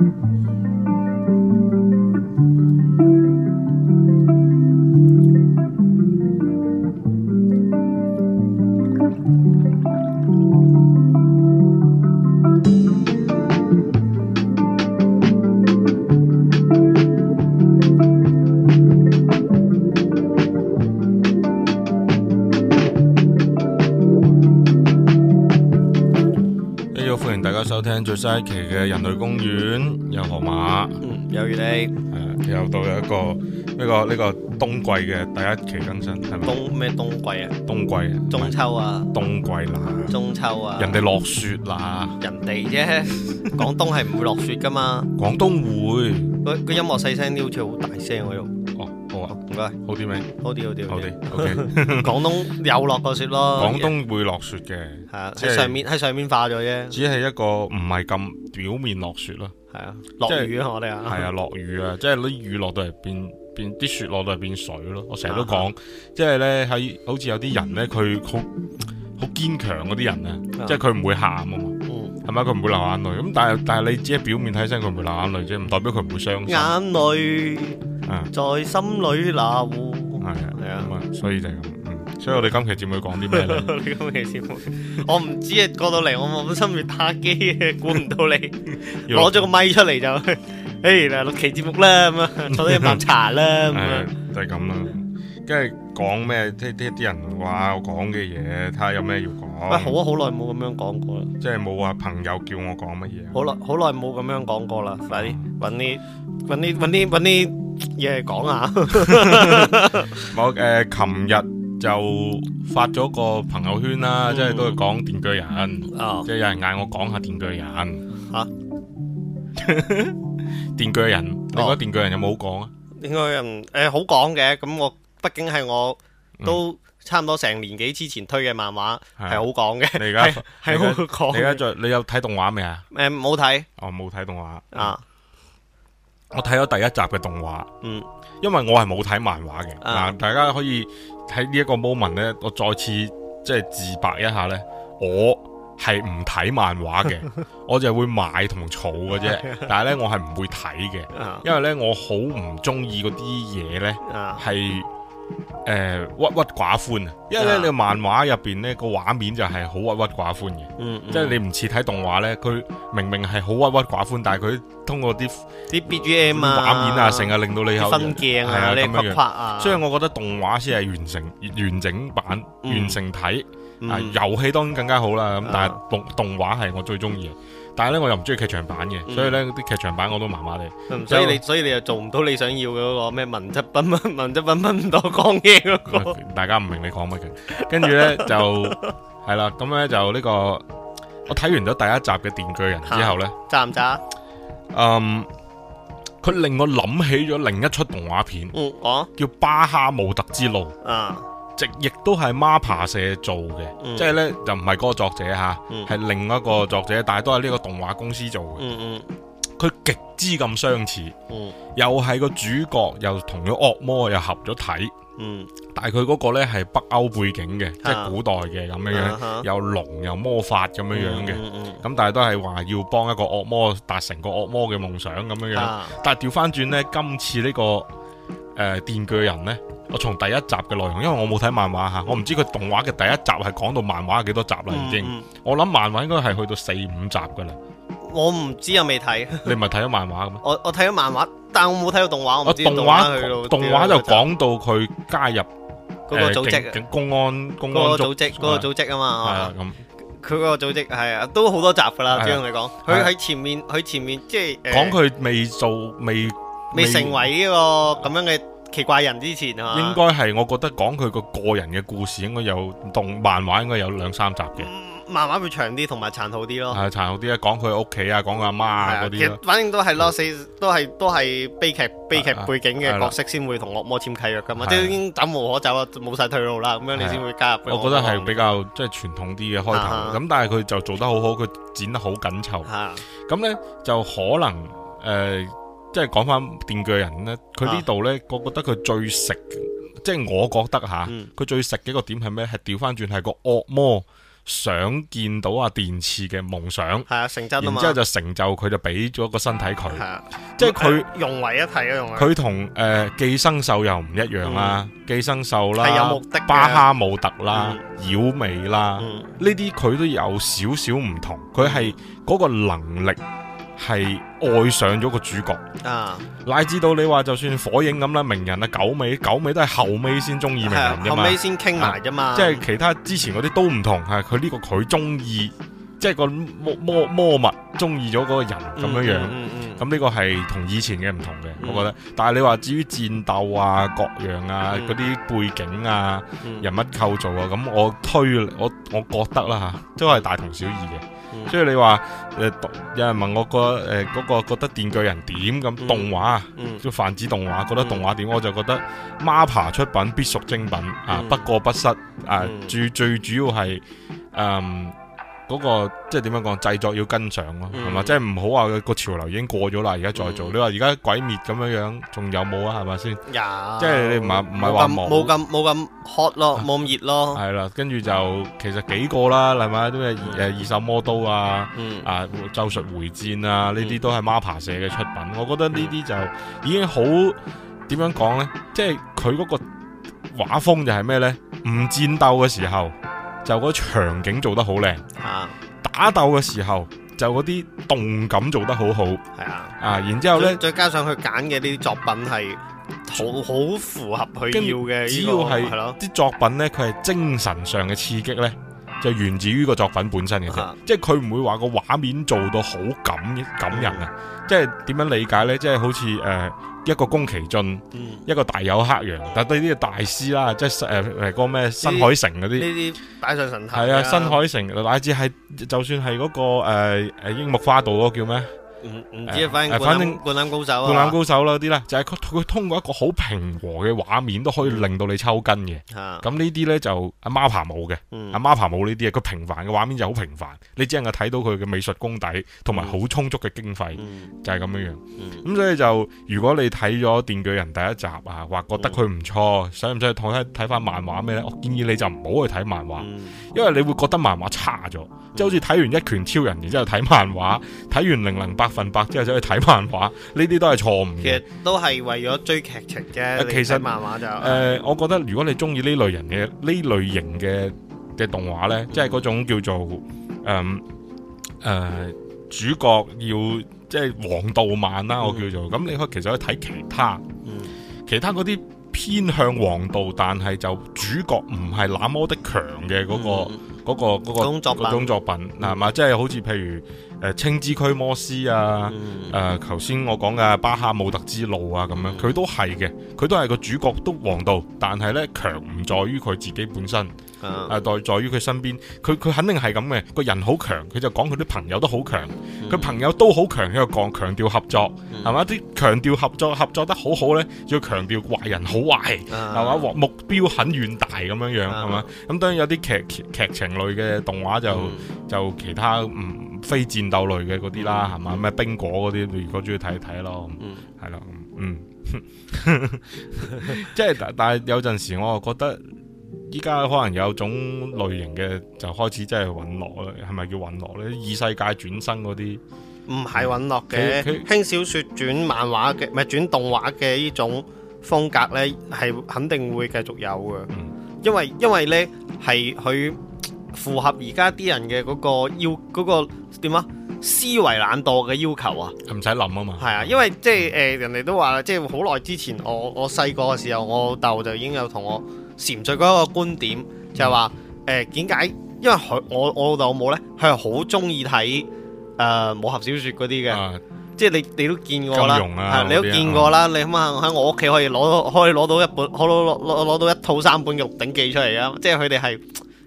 哎呦，歡迎大家收聽最新一期嘅《人類公園》。個呢個呢個，個冬季嘅第一期更新係咪？冬咩？冬季啊，冬季啊，啊，冬季啊？中秋啊，冬季啦，中秋啊，人哋落雪啦，人哋啫，廣 東係唔會落雪㗎嘛，廣東會，個音樂細聲啲，好似好大聲喎好啲咩？好啲好啲好啲。OK。廣東有落過雪咯。廣東會落雪嘅。係啊，喺上面喺上面化咗啫。只係一個唔係咁表面落雪咯。係啊，落雨我哋啊。係啊，落雨啊，即係啲雨落到嚟變變啲雪落到嚟變水咯。我成日都講，即係咧喺好似有啲人咧，佢好好堅強嗰啲人啊，即係佢唔會喊啊嘛。嗯，係咪，佢唔會流眼淚。咁但係但係你只係表面睇起身，佢唔會流眼淚啫，唔代表佢唔會傷心。眼淚。在心裏那嗱，係啊，係啊，所以就係咁，所以我哋今期節目講啲咩？你今期節目我唔知啊，過到嚟我我心入打機啊，估唔到你攞咗個咪出嚟就，誒嗱六期節目啦咁啊，坐低飲啖茶啦咁啊，都係咁啦，跟住講咩？即係啲啲人話我講嘅嘢，睇下有咩要講。喂，好啊，好耐冇咁樣講過啦，即係冇話朋友叫我講乜嘢，好耐好耐冇咁樣講過啦，快啲搵啲啲啲搵啲。嘢講啊！我誒，琴日就發咗個朋友圈啦，即係都係講電鋸人啊！即係有人嗌我講下電鋸人吓，電鋸人，你覺得電鋸人有冇好講啊？電鋸人誒好講嘅，咁我畢竟係我都差唔多成年幾之前推嘅漫畫，係好講嘅。你而家係好講？你而家再你有睇動畫未啊？誒，冇睇。哦，冇睇動畫啊！我睇咗第一集嘅動畫，嗯，因為我係冇睇漫畫嘅，嗱，大家可以喺呢一個 moment 咧，我再次即係自白一下呢，我係唔睇漫畫嘅，我就會買同儲嘅啫，但係呢，我係唔會睇嘅，因為呢我好唔中意嗰啲嘢呢。係。誒，鬱鬱、呃、寡歡啊，因為咧，啊、你漫畫入邊咧個畫面就係好鬱鬱寡歡嘅，即係、嗯嗯、你唔似睇動畫咧，佢明明係好鬱鬱寡歡，但係佢通過啲啲 B G M 啊、畫、嗯嗯、面啊、成日、啊、令到你分鏡係啊，啊你擴擴啊，所以我覺得動畫先係完成完整版、完成體啊，遊戲當然更加好啦，咁但係動動畫係我最中意嘅。但係咧，我又唔中意劇場版嘅，嗯、所以咧啲劇場版我都麻麻地。所以，後所以你所以你又做唔到你想要嘅嗰，那個咩文質彬彬文質彬彬唔到講嘢咯。 大家唔明你講乜嘅。跟住咧就係啦，咁咧就呢、這個我睇完咗第一集嘅電鋸人之後咧，讚唔讚？乖乖嗯，佢令我諗起咗另一出動畫片，嗯，啊、叫巴哈姆特之路啊。亦都係孖爬社做嘅，即係呢，就唔係嗰個作者吓，係另一個作者，但係都係呢個動畫公司做嘅。佢極之咁相似，又係個主角又同咗惡魔又合咗體，但係佢嗰個呢係北歐背景嘅，即係古代嘅咁樣樣，有龍又魔法咁樣樣嘅，咁但係都係話要幫一個惡魔達成個惡魔嘅夢想咁樣樣，但係調翻轉呢，今次呢個。誒，電鋸人呢，我從第一集嘅內容，因為我冇睇漫畫吓，我唔知佢動畫嘅第一集係講到漫畫幾多集啦，已經，我諗漫畫應該係去到四五集噶啦，我唔知有未睇，你唔係睇咗漫畫嘅咩？我我睇咗漫畫，但我冇睇到動畫，我唔知動畫，動畫就講到佢加入嗰個組織，公安，公安組織嗰個組織啊嘛，係咁佢個組織係啊，都好多集噶啦，主要嚟講，佢喺前面，佢前面即係講佢未做未。未成為呢個咁樣嘅奇怪人之前啊，應該係我覺得講佢個個人嘅故事應該，應該有動漫畫應該有兩三集嘅，嗯。漫畫會長啲，同埋殘酷啲咯。係殘酷啲啊，講佢屋企啊，講佢阿媽啊嗰啲。媽媽其實反正都係咯，啊，四都係都係悲劇悲劇背景嘅角色，先會同惡魔簽契約噶嘛，都，啊，已經走無可走啊，冇晒退路啦，咁樣你先會加入，啊。我覺得係比較即係傳統啲嘅，啊，開頭，咁但係佢就做得好好，佢剪得好緊湊。吓咁咧就可能誒。呃即係講翻電鋸人呢，佢呢度呢，覺我覺得佢、啊嗯、最食，即係我覺得吓，佢最食嘅一個點係咩？係調翻轉，係個惡魔想見到阿電次嘅夢想，係啊成真。然之後就成就佢就俾咗個身體佢，啊、即係佢融為一體咁、啊、樣。佢同誒寄生獸又唔一樣啦、啊，嗯、寄生獸啦，有目的的巴哈姆特啦、嗯、妖尾啦，呢啲佢都有少少唔同。佢係嗰個能力。係愛上咗個主角啊，乃至到你話就算火影咁啦，鳴人，九九鳴人啊，九尾九尾都係後尾先中意鳴人噶後尾先傾埋啫嘛，即係其他之前嗰啲都唔同，係佢呢個佢中意，即、就、係、是、個魔魔物中意咗嗰個人咁樣、嗯、樣，咁呢、嗯嗯、個係同以前嘅唔同嘅，嗯、我覺得。但係你話至於戰鬥啊、各樣啊、嗰啲、嗯、背景啊、嗯、人物構造啊，咁我推我我，我覺得啦吓，都係大同小異嘅。嗯、所以你話誒、呃，有人問我個誒嗰個覺得電鋸人點咁動畫啊，即泛指動畫，覺得動畫點？嗯、我就覺得 MAPPA 出品必屬精品啊，嗯、不過不失啊，嗯、最最主要係誒。嗯嗰個即係點樣講？製作要跟上咯，係嘛？即係唔好話個潮流已經過咗啦，而家再做。你話而家鬼滅咁樣樣，仲有冇啊？係咪先？有，即係你唔係唔係話冇。冇咁冇咁 hot 咯，冇咁熱咯。係啦，跟住就其實幾個啦，係咪？啲咩誒，二手魔刀啊，啊咒術回戰啊，呢啲都係 MAPPA 社嘅出品。我覺得呢啲就已經好點樣講咧？即係佢嗰個畫風就係咩咧？唔戰鬥嘅時候。就嗰場景做得好靚，啊、打鬥嘅時候就嗰啲動感做得好好，係啊，啊，然之後呢，再加上佢揀嘅呢啲作品係好好符合佢要嘅，只要係係咯，啲、這個、作品呢，佢係精神上嘅刺激呢。就源自於個作品本身嘅啫，啊、哈即係佢唔會話個畫面做到好感感人啊！嗯、即係點樣理解咧？即係好似誒、呃、一個宮崎駿，嗯、一個大友克洋，但對啲大師啦，即係誒、呃、個咩新海誠嗰啲呢啲大神神頭、啊，係啊！新海誠乃至係就算係嗰、那個誒誒、呃、櫻木花道嗰個叫咩？唔知反正，灌籃高手，灌籃高手啦啲啦，就係佢通過一個好平和嘅畫面都可以令到你抽筋嘅。咁呢啲呢，就阿貓爬舞嘅，阿貓爬舞呢啲啊，佢平凡嘅畫面就好平凡，你只能夠睇到佢嘅美術功底同埋好充足嘅經費，就係咁樣樣。咁所以就如果你睇咗電鋸人第一集啊，話覺得佢唔錯，使唔使再睇睇翻漫畫咩咧？我建議你就唔好去睇漫畫，因為你會覺得漫畫差咗，即係好似睇完一拳超人，然之後睇漫畫，睇完零零八。分白之後就去睇漫畫，呢啲都係錯誤。其實都係為咗追劇情啫。其實漫畫就誒，我覺得如果你中意呢類人嘅呢類型嘅嘅、嗯、動畫咧，即係嗰種叫做誒誒、嗯、呃，主角要即係王道漫啦，我叫做咁。嗯、你可以其實去睇其他，嗯、其他嗰啲偏向王道，但係就主角唔係那麼的強嘅嗰個。嗯嗰、嗰個嗰、嗰個嗰種作品嗱嘛、嗯啊，即係好似譬如誒《青、呃、之驅魔師》啊，誒頭先我講嘅《巴哈姆特之路》啊咁樣，佢、嗯、都係嘅，佢都係個主角都王道，但係咧強唔在於佢自己本身。誒，待、啊、在於佢身邊，佢佢肯定係咁嘅，個人好強，佢就講佢啲朋友都好強，佢、嗯、朋友都好強，喺度講強調合作，係嘛、嗯？啲強調合作，合作得好好咧，要強調壞人好壞，係嘛、啊？目目標很遠大咁樣樣，係嘛？咁、啊嗯、當然有啲劇劇情類嘅動畫就、嗯、就其他唔、嗯、非戰鬥類嘅嗰啲啦，係嘛？咩冰果嗰啲，如果中意睇睇咯，係啦、嗯，嗯，即、嗯、係、 就是、但係有陣時我又覺得。依家可能有種類型嘅就開始真係隕落啦，係咪叫隕落呢？異世界轉生嗰啲，唔係隕落嘅。輕、嗯、小說轉漫畫嘅，唔係轉動畫嘅呢種風格呢，係肯定會繼續有嘅、嗯。因為因為咧係佢符合而家啲人嘅嗰個要嗰、嗰個點啊思維懶惰嘅要求啊，唔使諗啊嘛。係啊，嗯、因為即係、呃、人哋都話即係好耐之前，我我細個嘅時候，我老豆就已經有同我。潛在嗰一個觀點就係話，誒，點解？因為佢我我老豆老母呢，佢係好中意睇誒武俠小説嗰啲嘅，啊、即係你你都見過啦，你都見過啦。啊、你咁啊喺我屋企可以攞可以攞到一本，攞攞攞到一套三本嘅《鹿鼎記》出嚟啊！即係佢哋係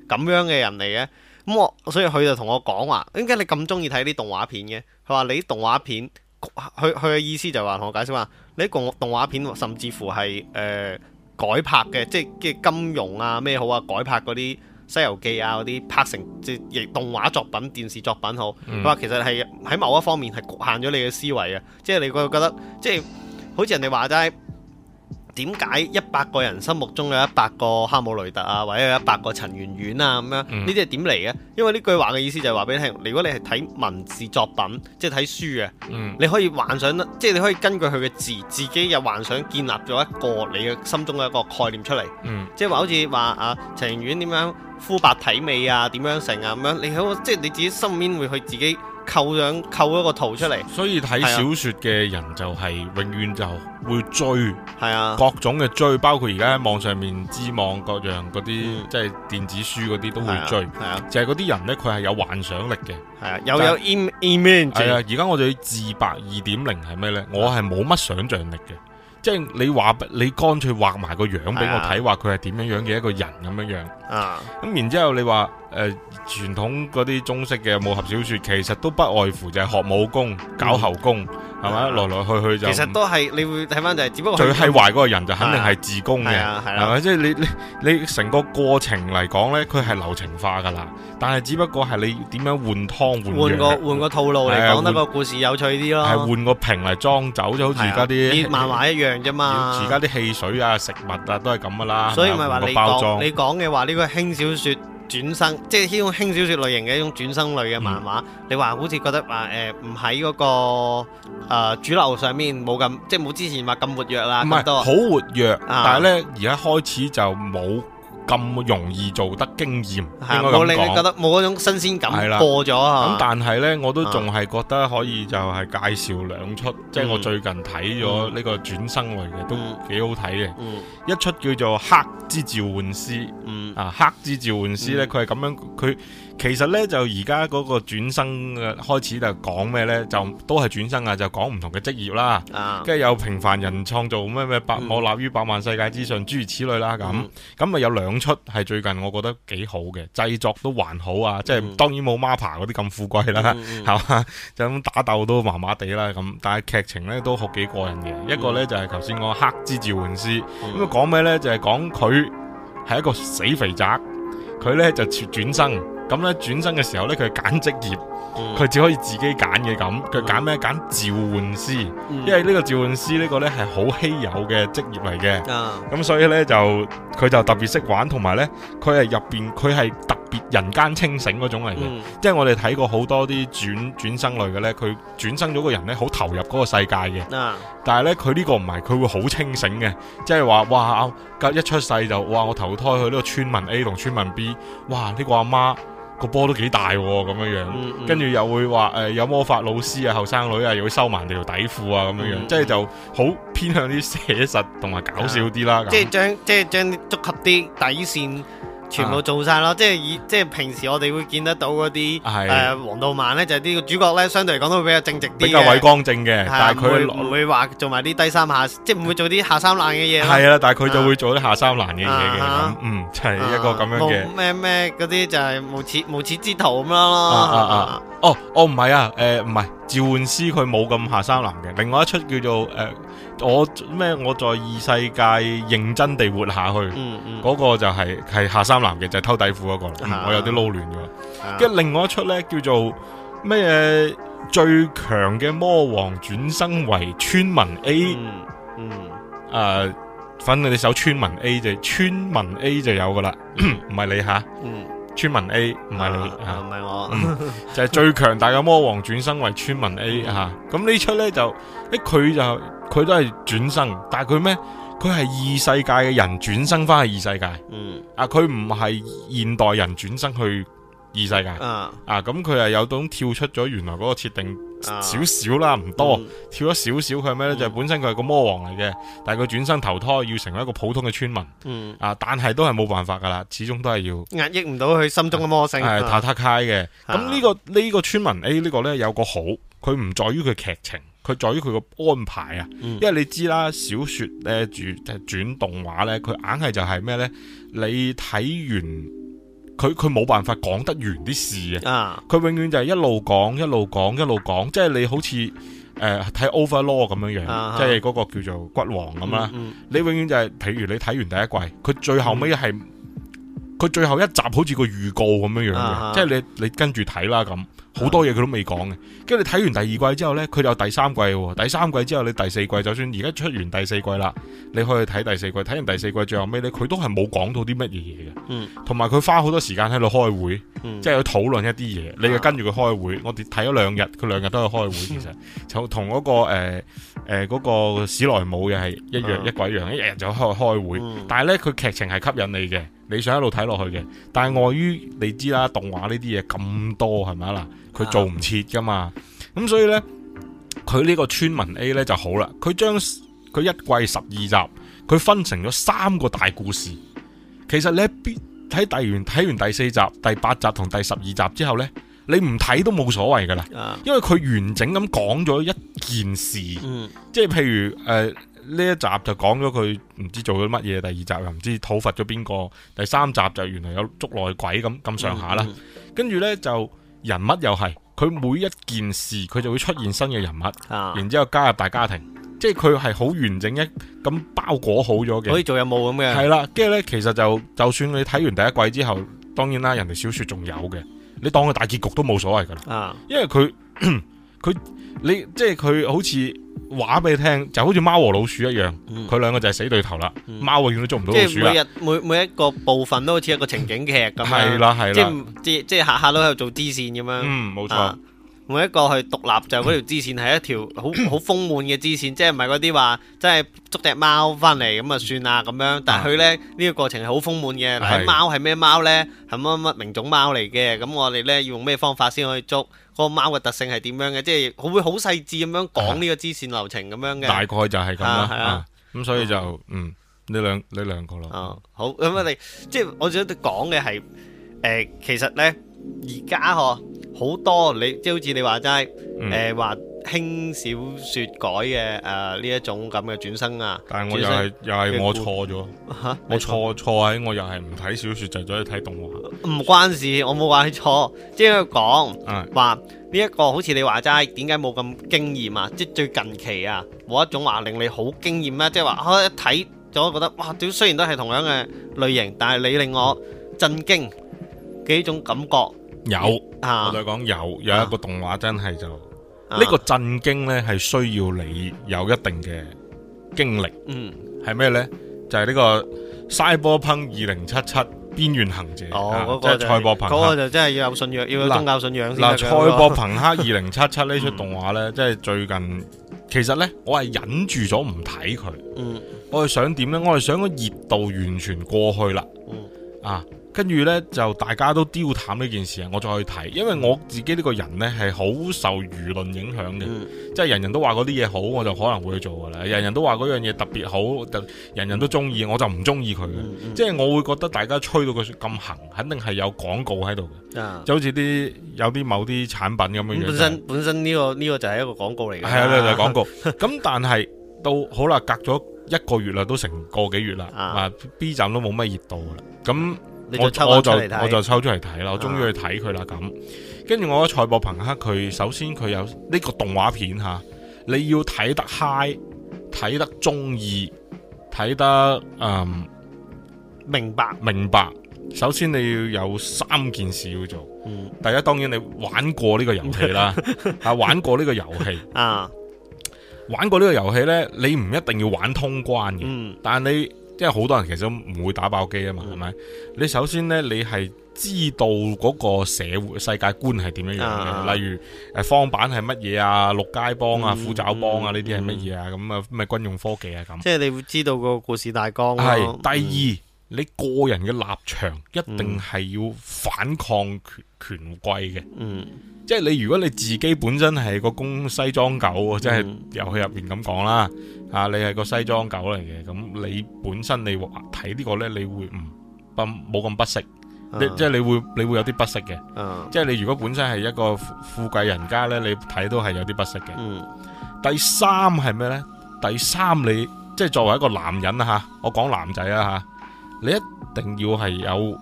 咁樣嘅人嚟嘅。咁我所以佢就同我講話，點解你咁中意睇啲動畫片嘅？佢話你啲動畫片，佢佢嘅意思就係話同我解釋話，你啲動動畫片甚至乎係誒。呃改拍嘅，即係嘅金融啊，咩好啊，改拍嗰啲《西遊記》啊，嗰啲拍成即係動畫作品、電視作品好，佢話、嗯、其實係喺某一方面係局限咗你嘅思維啊，即係你會覺得即係好似人哋話齋。點解一百個人心目中有一百個哈姆雷特啊，或者有一百個陳圓圓啊咁樣？呢啲係點嚟嘅？因為呢句話嘅意思就係話俾你聽，如果你係睇文字作品，即係睇書嘅，嗯、你可以幻想，即係你可以根據佢嘅字，自己又幻想建立咗一個你嘅心中嘅一個概念出嚟。嗯、即係話好似話啊，陳圓圓點樣膚白體美啊，點樣成啊咁樣，你好即係你自己心面會去自己。扣上扣咗個圖出嚟，所以睇小說嘅人就係永遠就會追，係啊，各種嘅追，包括而家喺網上面知網各樣嗰啲，即係電子書嗰啲都會追，係啊，就係嗰啲人咧，佢係有幻想力嘅，係啊，有有 im image，係啊，而家我哋自白二點零係咩咧？我係冇乜想象力嘅，即係你畫，你乾脆畫埋個樣俾我睇，話佢係點樣樣嘅一個人咁樣樣，啊，咁然之後你話。誒，傳、呃、統嗰啲中式嘅武俠小說，其實都不外乎就係、是、學武功、搞后宮，係嘛、嗯，來來吧去去就。其實都係，你會睇翻就係、是，只不過。最係壞嗰個人就肯定係自宮嘅，係咪、啊？即係、啊啊就是、你你你成個過程嚟講咧，佢係流程化噶啦，但係只不過係你點樣換湯換。換個換個套路嚟講，得個、啊、換故事有趣啲咯。係換、啊、個瓶嚟裝酒，就好似而家啲。啊、漫畫一樣啫嘛。而家啲汽水啊、食物啊都係咁噶啦，所以唔係話你包裝你講嘅話呢個輕小說。轉生，即係呢種輕小說類型嘅一種轉生類嘅漫畫，嗯、你話好似覺得話誒唔喺嗰個、呃、主流上面冇咁，即係冇之前話咁活躍啦，咁多。唔係，好活躍，嗯、但係咧而家開始就冇咁容易做得驚豔，冇令、啊、你覺得冇嗰種新鮮感了，過咗啊！咁但係呢，我都仲係覺得可以就係介紹兩出，啊、即係我最近睇咗呢個轉生類嘅、嗯、都幾好睇嘅。嗯、一出叫做《黑之召喚師》，嗯、啊，《黑之召喚師》呢，佢係咁樣佢。其實呢，就而家嗰個轉生嘅開始就講咩呢？就都係轉生啊，就講唔同嘅職業啦。啊，跟住有平凡人創造咩咩百我立於百萬世界之上諸、嗯、如此類啦咁。咁咪、嗯、有兩出係最近我覺得幾好嘅，製作都還好啊，即係、嗯、當然冇 MAPPA 嗰啲咁富貴啦，係嘛、嗯。咁、嗯、打鬥都麻麻地啦咁，但係劇情呢都好幾過癮嘅。嗯、一個呢，就係頭先我黑之召喚師咁，講咩、嗯嗯、呢？就係講佢係一個死肥宅，佢呢,呢就轉生。咁咧，轉生嘅時候咧，佢係揀職業，佢、嗯、只可以自己揀嘅咁。佢揀咩？揀、嗯、召喚師，嗯、因為呢個召喚師呢個咧係好稀有嘅職業嚟嘅。咁、嗯、所以咧就佢就特別識玩，同埋咧佢係入邊佢係特別人間清醒嗰種嚟嘅。嗯、即係我哋睇過好多啲轉轉生類嘅咧，佢轉生咗個人咧好投入嗰個世界嘅。嗯、但係咧佢呢個唔係，佢會好清醒嘅，即係話哇，哇一出世就哇，哇，我投胎去呢個村民 A 同村民 B，哇呢、呢個阿媽，媽。個波都幾大咁、啊、樣樣，嗯嗯、跟住，又會話誒、呃，有魔法老師啊，後生女啊，又會收埋條底褲啊咁樣樣，即係就好偏向啲寫實同埋搞笑啲啦。即係將即係將啲觸及啲底線。全部做晒咯、啊，即係以即係平時我哋會見得到嗰啲誒王道曼咧，就係、是、啲主角咧，相對嚟講都會比較正直啲，比較偉光正嘅。的但係他佢會會話做埋啲低三下，的即係唔會做啲下三爛嘅嘢。係了啊，但係佢就會做啲下三爛嘅嘢嘅，啊、哈嗯，係、就是、一個咁樣嘅。咩咩嗰啲就係無恥無恥之徒咁樣咯。哦哦，唔係啊，誒唔係召喚師佢冇咁下三爛嘅。另外一出叫做誒。呃我咩？我在異世界認真地活下去。嗰、嗯嗯、個就係、是、係下三濫嘅，就係、是、偷底褲嗰、那個、啊嗯。我有啲撈亂咗。跟住、啊、另外一出呢，叫做咩嘢？最強嘅魔王轉生為村民 A 嗯。嗯，誒、呃，反正你搜村民 A 就村民 A 就有噶啦。唔係你吓？嗯。村民 A 唔係你，唔係、啊啊、我、嗯， 就係最強大嘅魔王轉生為村民 A 吓、啊，咁呢出呢，就，誒、欸、佢就佢都係轉生，但係佢咩？佢係異世界嘅人轉生翻去異世界，嗯，啊，佢唔係現代人轉生去異世界，啊，咁佢係有種跳出咗原來嗰個設定。少少、啊、啦，唔多、嗯、跳咗少少。佢係咩呢？嗯、就本身佢係個魔王嚟嘅，但係佢轉身投胎，要成為一個普通嘅村民。嗯、啊，但係都係冇辦法噶啦，始終都係要壓抑唔到佢心中嘅魔性。係塔塔卡嘅。咁呢、啊這個呢、這個村民 A 呢、哎這個呢，有個好，佢唔在於佢劇情，佢在於佢個安排啊。嗯、因為你知啦，小說咧轉就轉動畫咧，佢硬係就係咩呢？你睇完。佢佢冇辦法講得完啲事啊！佢永遠就係一路講一路講一路講，即係你好似誒睇、呃、Overlord 咁樣樣，啊、哈即係嗰個叫做骨王咁啦。嗯嗯、你永遠就係、是、譬如你睇完第一季，佢最後尾係、嗯。佢最後一集好似個預告咁樣樣嘅，uh huh. 即係你你跟住睇啦咁，好多嘢佢都未講嘅。跟住你睇完第二季之後呢，佢有第三季、哦，第三季之後你第四季，就算而家出完第四季啦，你可以睇第四季，睇完第四季最後尾呢，佢都係冇講到啲乜嘢嘢嘅。同埋佢花好多時間喺度開會，即係、uh huh. 去討論一啲嘢，你又跟住佢開會。我哋睇咗兩日，佢兩日都去開會，uh huh. 其實就同嗰、嗰個誒誒、呃呃嗰個史萊姆又係一樣、uh huh. 一鬼樣，一日就開開會。Uh huh. 但係呢，佢劇情係吸引你嘅。你想一路睇落去嘅，但係礙於你知啦，動畫呢啲嘢咁多係咪啊啦？佢做唔切噶嘛？咁所以呢，佢呢個村民 A 呢就好啦。佢將佢一季十二集，佢分成咗三個大故事。其實你喺睇第二、睇完第四集、第八集同第十二集之後呢，你唔睇都冇所謂噶啦，因為佢完整咁講咗一件事。嗯，即係譬如誒。呃呢一集就講咗佢唔知做咗乜嘢，第二集又唔知討伐咗邊個，第三集就原來有捉內鬼咁咁上下啦。跟住、嗯嗯、呢，就人物又係佢每一件事佢就會出現新嘅人物，啊、然之後加入大家庭，即係佢係好完整一咁包裹好咗嘅。可以做任務咁嘅。係啦，跟住呢，其實就就算你睇完第一季之後，當然啦，人哋小說仲有嘅，你當佢大結局都冇所謂噶啦。啊、因為佢佢你即係佢好似。話俾你聽，就好似貓和老鼠一樣，佢兩、嗯、個就係死對頭啦。貓、嗯、永遠都捉唔到老鼠啦。即係每日每每一個部分都好似一個情景劇咁。係 啦，係啦。啦，即係即係下下都喺度做支線咁樣。嗯，冇錯、啊。每一個去獨立就嗰條支線係 一條好好豐滿嘅支線，即係唔係嗰啲話，即係捉隻貓翻嚟咁啊算啦咁樣。但係佢咧呢、啊、個過程係好豐滿嘅。嗱的，貓係咩貓咧？係乜乜乜名種貓嚟嘅？咁我哋咧要用咩方法先可以捉？個貓嘅特性係點樣嘅？即係會會好細緻咁樣講呢個支線流程咁樣嘅。大概就係咁啦。係啊，咁、啊啊、所以就、啊、嗯，呢兩呢兩個咯。啊，好，咁我哋即係我想講嘅係誒，其實咧而家嗬好多你，即係好似你話齋誒話。呃嗯輕小說改嘅誒呢一種咁嘅轉生啊，但係我又係又係我錯咗蛤錯，我錯錯喺我又係唔睇小說就咗去睇動畫，唔關事，說我冇話你錯，即係佢講，話呢一個好似你話齋，點解冇咁驚艷啊？即係最近期啊，冇一種話令你好驚艷咧，即係話一睇咗覺得哇，屌，雖然都係同樣嘅類型，但係你令我震驚嘅一種感覺有啊，我哋講有，有一個動畫真係就。呢、啊、個震驚咧係需要你有一定嘅經歷，嗯，係咩咧？就係、是、呢個賽博朋克二零七七邊緣行者，哦，嗰、啊、個賽博朋克嗰個就真係要有信仰，要有宗教信仰。嗱、啊，那個、賽博朋克二零七七呢、嗯、出動畫咧，即、就、係、是、最近，其實咧我係忍住咗唔睇佢，嗯，我係想點咧？我係想個熱度完全過去啦，啊。跟住呢，就大家都丟淡呢件事啊，我再去睇，因為我自己呢個人呢，係好受輿論影響嘅，即係人人都話嗰啲嘢好，我就可能會去做噶啦。人人都話嗰樣嘢特別好，人人都中意，我就唔中意佢，即係我會覺得大家吹到佢咁行，肯定係有廣告喺度嘅，就好似啲有啲某啲產品咁樣樣。本身本身呢個呢個就係一個廣告嚟嘅，係啊，就係廣告。咁但係到好啦，隔咗一個月啦，都成個幾月啦，啊 B 站都冇乜熱度啦，咁。我我就我就抽出嚟睇啦，我終於去睇佢啦咁。跟住、啊、我喺賽博朋克，佢首先佢有呢個動畫片吓，你要睇得 high，睇得中意，睇得嗯，明白明白。首先你要有三件事要做。嗯、第一，家當然你玩過呢個遊戲啦，吓 玩過呢個遊戲啊，玩過呢個遊戲呢，你唔一定要玩通關嘅，嗯、但你。即係好多人其實都唔會打爆機啊嘛，係咪、嗯？你首先呢，你係知道嗰個社會世界觀係點樣樣嘅，啊、例如誒方版係乜嘢啊，六街幫啊，虎、嗯、爪幫啊呢啲係乜嘢啊，咁啊咩軍用科技啊咁。即係你會知道個故事大綱。係第二。嗯你個人嘅立場一定係要反抗權權貴嘅，嗯、即係你如果你自己本身係個公西裝狗，嗯、即係遊戲入邊咁講啦。啊，你係個西裝狗嚟嘅，咁你本身你睇呢個呢，你會唔不冇咁不適、啊？即係你會你會有啲不適嘅，啊、即係你如果本身係一個富貴人家呢，你睇都係有啲不適嘅。嗯、第三係咩呢？第三你即係作為一個男人啊，嚇我講男仔啊，嚇。你一定要係有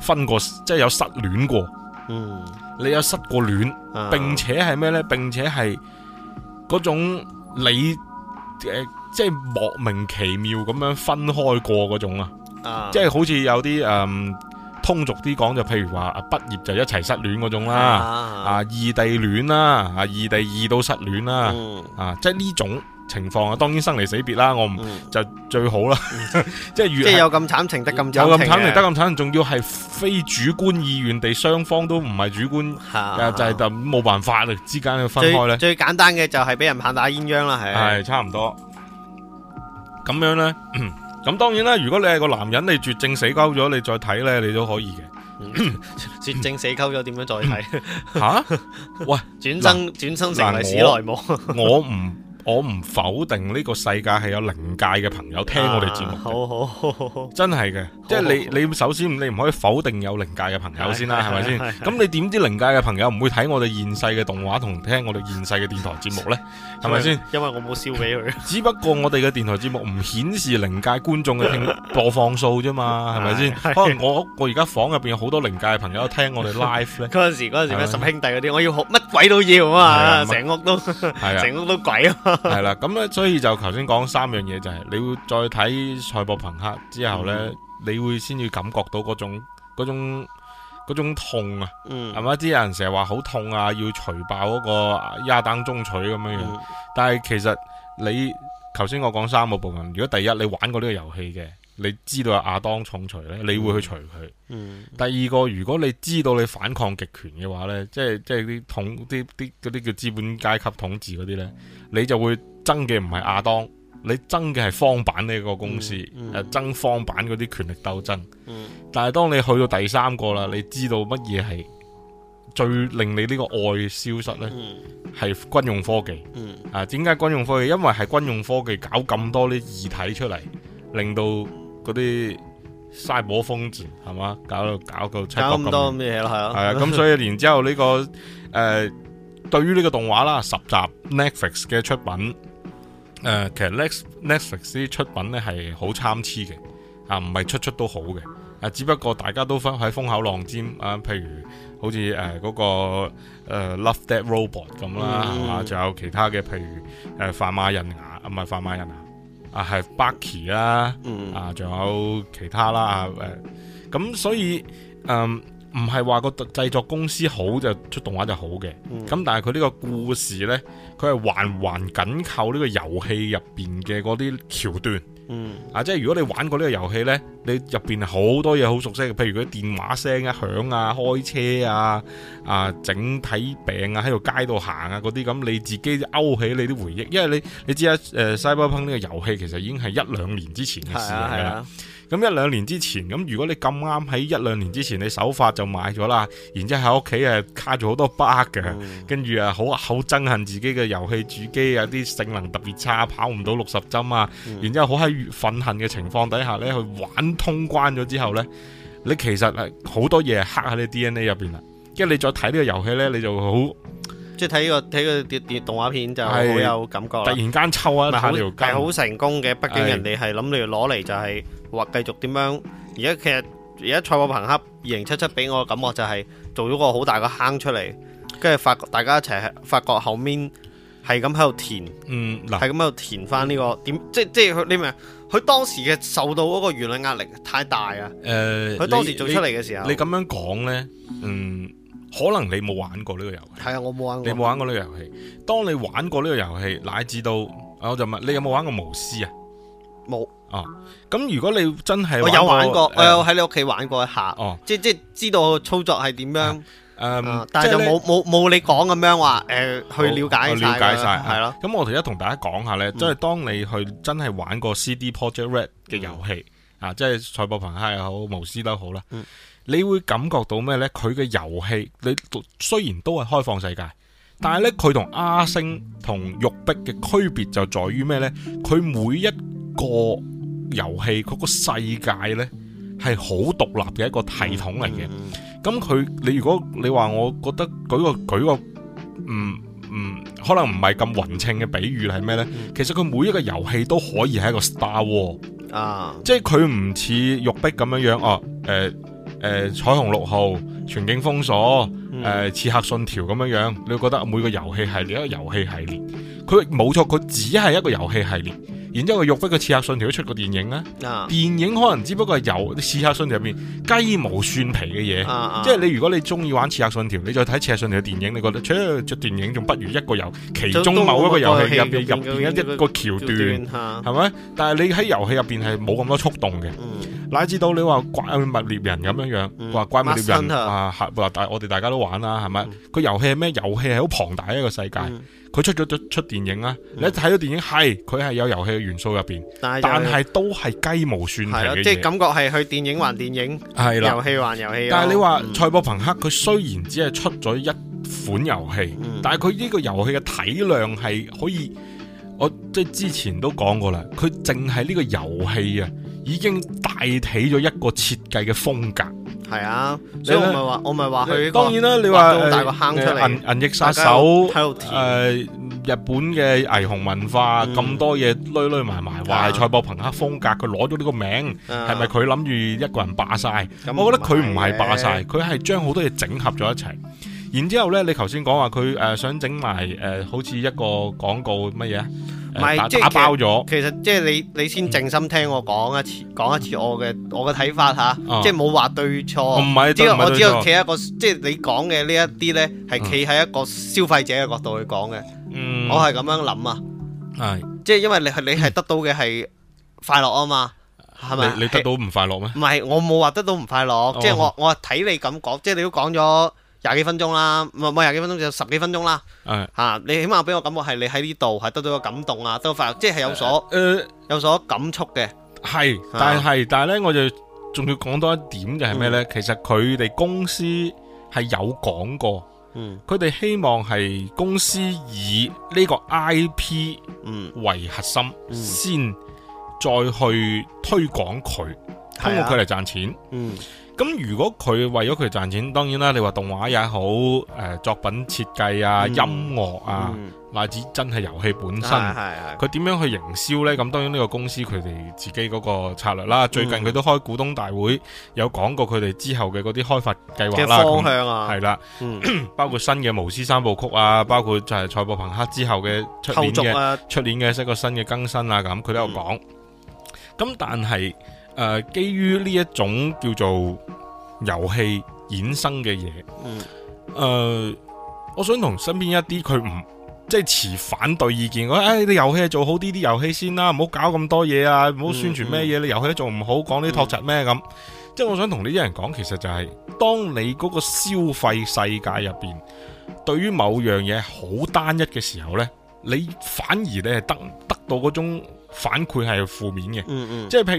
分過，即係有失戀過。嗯，你有失過戀，啊、並且係咩呢？並且係嗰種你誒、呃，即係莫名其妙咁樣分開過嗰種啊。即係好似有啲誒，通俗啲講就譬如話啊，畢業就一齊失戀嗰種啦。啊，異地戀啦，啊，異地異到失戀啦。嗯，啊，即係呢種。情況啊，當然生離死別啦，我唔就最好啦，即係即係有咁慘情得咁慘，有咁慘得咁慘，仲要係非主觀意願地，雙方都唔係主觀，就係就冇辦法啦，之間要分開咧。最簡單嘅就係俾人棒打鴛鴦啦，係係差唔多咁樣咧。咁當然啦，如果你係個男人，你絕症死鳩咗，你再睇咧，你都可以嘅。絕症死鳩咗點樣再睇？吓？喂，轉生轉生成為史萊姆？我唔。我唔否定呢個世界係有靈界嘅朋友聽我哋節目嘅好好，好，好，真係嘅。即係你你首先你唔可以否定有靈界嘅朋友先啦，係咪先？咁是你點知靈界嘅朋友唔會睇我哋現世嘅動畫同聽我哋現世嘅電台節目呢？係咪先？因為我冇燒俾佢。只不過我哋嘅電台節目唔顯示靈界觀眾嘅聽播放數啫嘛，係咪先？是是可能我我而家房入邊有好多靈界嘅朋友聽我哋 live 咧。嗰陣時嗰陣時咩十兄弟嗰啲，我要學乜鬼都要啊！成不屋都，成屋，屋都鬼，啊。係啦，咁咧， 所以就頭先講三樣嘢就係、是，你會再睇賽博朋克之後呢，嗯、你會先要感覺到嗰種嗰種嗰種痛啊，係咪、嗯？啲人成日話好痛啊，要除爆嗰個一等中取咁樣樣，嗯、但係其實你頭先我講三個部分，如果第一你玩過呢個遊戲嘅。你知道阿亞當重除呢，你會去除佢。嗯嗯、第二個，如果你知道你反抗極權嘅話呢，即係即係啲統啲啲啲叫資本階級統治嗰啲呢，你就會爭嘅唔係亞當，你爭嘅係方版呢個公司，誒、嗯嗯、爭方版嗰啲權力鬥爭。嗯嗯、但係當你去到第三個啦，你知道乜嘢係最令你呢個愛消失呢？係、嗯、軍用科技。嗯、啊，點解軍用科技？因為係軍用科技搞咁多啲異體出嚟，令到。嗰啲嘥波瘋子係嘛，搞到搞到出咁多咩嘢咯，係啊，係 啊，咁所以然之後呢、這個誒、呃，對於呢個動畫啦，十集 Netflix 嘅出品，誒、呃，其實 Netflix Netflix 啲出品咧係好參差嘅，啊，唔係出出都好嘅，啊，只不過大家都分喺風口浪尖啊，譬如好似誒、呃那個誒、呃、Love That Robot 咁啦，係嘛、嗯，仲有其他嘅，譬如誒《範、呃、馬刃牙》啊，唔係《範馬刃牙》。啊，係 Bucky 啦，啊、嗯，仲有其他啦啊，咁、呃、所以嗯，唔係話個製作公司好就出動畫就好嘅，咁、嗯、但係佢呢個故事咧，佢係環環緊扣呢個遊戲入邊嘅嗰啲橋段。嗯，啊，即係如果你玩過呢個遊戲呢，你入邊好多嘢好熟悉嘅，譬如嗰啲電話聲一響啊，開車啊，啊整體病啊，喺條街度行啊，嗰啲咁，你自己勾起你啲回憶，因為你你知啊，誒，Cyberpunk 呢個遊戲其實已經係一兩年之前嘅事啦。咁一兩年之前，咁如果你咁啱喺一兩年之前你手法就買咗啦，然之後喺屋企誒卡住好多 bug 嘅，跟住誒好好憎恨自己嘅遊戲主機啊，啲性能特別差，跑唔到六十幀啊，嗯、然之後好喺憤恨嘅情況底下咧，去玩通關咗之後咧，你其實係好多嘢係刻喺你 DNA 入邊啦，跟住你再睇呢個遊戲咧，你就好。即係睇、這個睇個電電動畫片就好有感覺，突然間抽啊，係好是成功嘅。畢是竟人哋係諗住攞嚟就係話繼續點樣。而家其實而家賽博朋克二零七七俾我嘅感覺就係做咗個好大嘅坑出嚟，跟住發覺大家一齊發覺後面係咁喺度填，嗯，係咁喺度填翻、這、呢個點、嗯，即係即係佢你明？佢當時嘅受到嗰個輿論壓力太大啊！誒、呃，佢當時做出嚟嘅時候，你咁樣講咧，嗯。可能你冇玩過呢個遊戲，係啊，我冇玩過。你冇玩過呢個遊戲。當你玩過呢個遊戲，乃至到，我就問你有冇玩過巫師啊？冇。哦，咁如果你真係，我有玩過，我有喺你屋企玩過一下。哦，即係即係知道操作係點樣。誒，但係就冇冇冇你講咁樣話，誒，去了解了解晒，係咯。咁我而家同大家講下呢，即係當你去真係玩過 C D Project Red 嘅遊戲啊，即係賽博朋克又好，巫師都好啦。你會感覺到咩呢？佢嘅遊戲，你雖然都係開放世界，但係呢，佢同 R 星同育碧嘅區別就在於咩呢？佢每一個遊戲佢個世界呢，係好獨立嘅一個系統嚟嘅。咁佢你如果你話我覺得舉個舉個唔唔、嗯嗯、可能唔係咁匀稱嘅比喻係咩呢？其實佢每一個遊戲都可以係一個 star 啊，即係佢唔似育碧咁樣樣啊，誒、呃。誒、呃、彩虹六號、全境封鎖、誒、呃、刺客信條咁樣樣，你會覺得每個遊戲系列、一個遊戲系列，佢冇錯，佢只係一個遊戲系列。然之後佢育碧嘅刺客信條都出過電影啊，電影可能只不過係由刺客信條入面雞毛蒜皮嘅嘢，啊啊即係你如果你中意玩刺客信條，你再睇刺客信條嘅電影，你覺得除咗佢隻電影仲不如一個遊其中某一個遊戲入入邊一一個橋段，係咪、啊啊？但係你喺遊戲入邊係冇咁多觸動嘅，嗯、乃至到你話怪物獵人咁樣樣，話、嗯、怪物獵人、嗯、啊，話大我哋大家都玩啦、啊，係咪？個、嗯、遊戲係咩？遊戲係好龐大一個世界。嗯佢出咗一出電影啊！你睇到電影係，佢係、嗯、有遊戲嘅元素入邊，但係都係雞毛蒜皮嘅嘢。即係感覺係去電影還電影，係啦、嗯，遊戲、啊、還遊戲、啊。但係你話、嗯、賽博朋克，佢雖然只係出咗一款遊戲，嗯、但係佢呢個遊戲嘅體量係可以，我即係之前都講過啦，佢淨係呢個遊戲啊。已經大體咗一個設計嘅風格，係啊，所以我唔係話，我唔係話佢。當然啦，你話銀銀翼殺手喺日本嘅霓虹文化咁多嘢攞攞埋埋，話係賽博朋克風格，佢攞咗呢個名，係咪佢諗住一個人霸晒？我覺得佢唔係霸晒，佢係將好多嘢整合咗一齊。然之後咧，你頭先講話佢誒想整埋誒好似一個廣告乜嘢啊？唔係即係打包咗。其實即係你你先靜心聽我講一次，講一次我嘅我嘅睇法吓，即係冇話對錯。唔係，即係我只係企喺一個，即係你講嘅呢一啲呢，係企喺一個消費者嘅角度去講嘅。嗯，我係咁樣諗啊，係，即係因為你係你係得到嘅係快樂啊嘛，係咪？你得到唔快樂咩？唔係，我冇話得到唔快樂，即係我我睇你咁講，即係你都講咗。廿幾分鐘啦，唔係廿幾分鐘，就十幾分鐘啦。誒、嗯啊，你起碼俾我感覺係你喺呢度係得到個感動啊，得到發，即係有所誒，呃、有所感觸嘅。係是是、啊，但係，但係咧，我就仲要講多一點就係咩咧？嗯、其實佢哋公司係有講過，嗯，佢哋希望係公司以呢個 IP，嗯，為核心，嗯嗯，先再去推廣佢，通過佢嚟賺錢，嗯，嗯。嗯咁如果佢為咗佢賺錢，當然啦，你話動畫也好，誒、呃、作品設計啊、嗯、音樂啊，嗯、乃至真係遊戲本身，佢點、嗯嗯、樣去營銷呢？咁當然呢個公司佢哋自己嗰個策略啦。最近佢都開股東大會，有講過佢哋之後嘅嗰啲開發計劃啦，嗯、那方向啊，係啦、嗯， 包括新嘅巫師三部曲啊，包括就係賽博朋克之後嘅出年嘅出年嘅一個新嘅更新，更新啊，咁佢都有講。咁、嗯、但係。但誒，基於呢一種叫做遊戲衍生嘅嘢，誒、嗯呃，我想同身邊一啲佢唔即係持反對意見，我誒、哎，你遊戲做好啲啲遊戲先啦，唔好搞咁多嘢啊，唔好宣傳咩嘢，嗯嗯、你遊戲都做唔好，講啲托柒咩咁，即係我想同呢啲人講，其實就係、是、當你嗰個消費世界入邊，對於某樣嘢好單一嘅時候呢，你反而你係得得到嗰種。反饋係負面嘅，嗯嗯，即係譬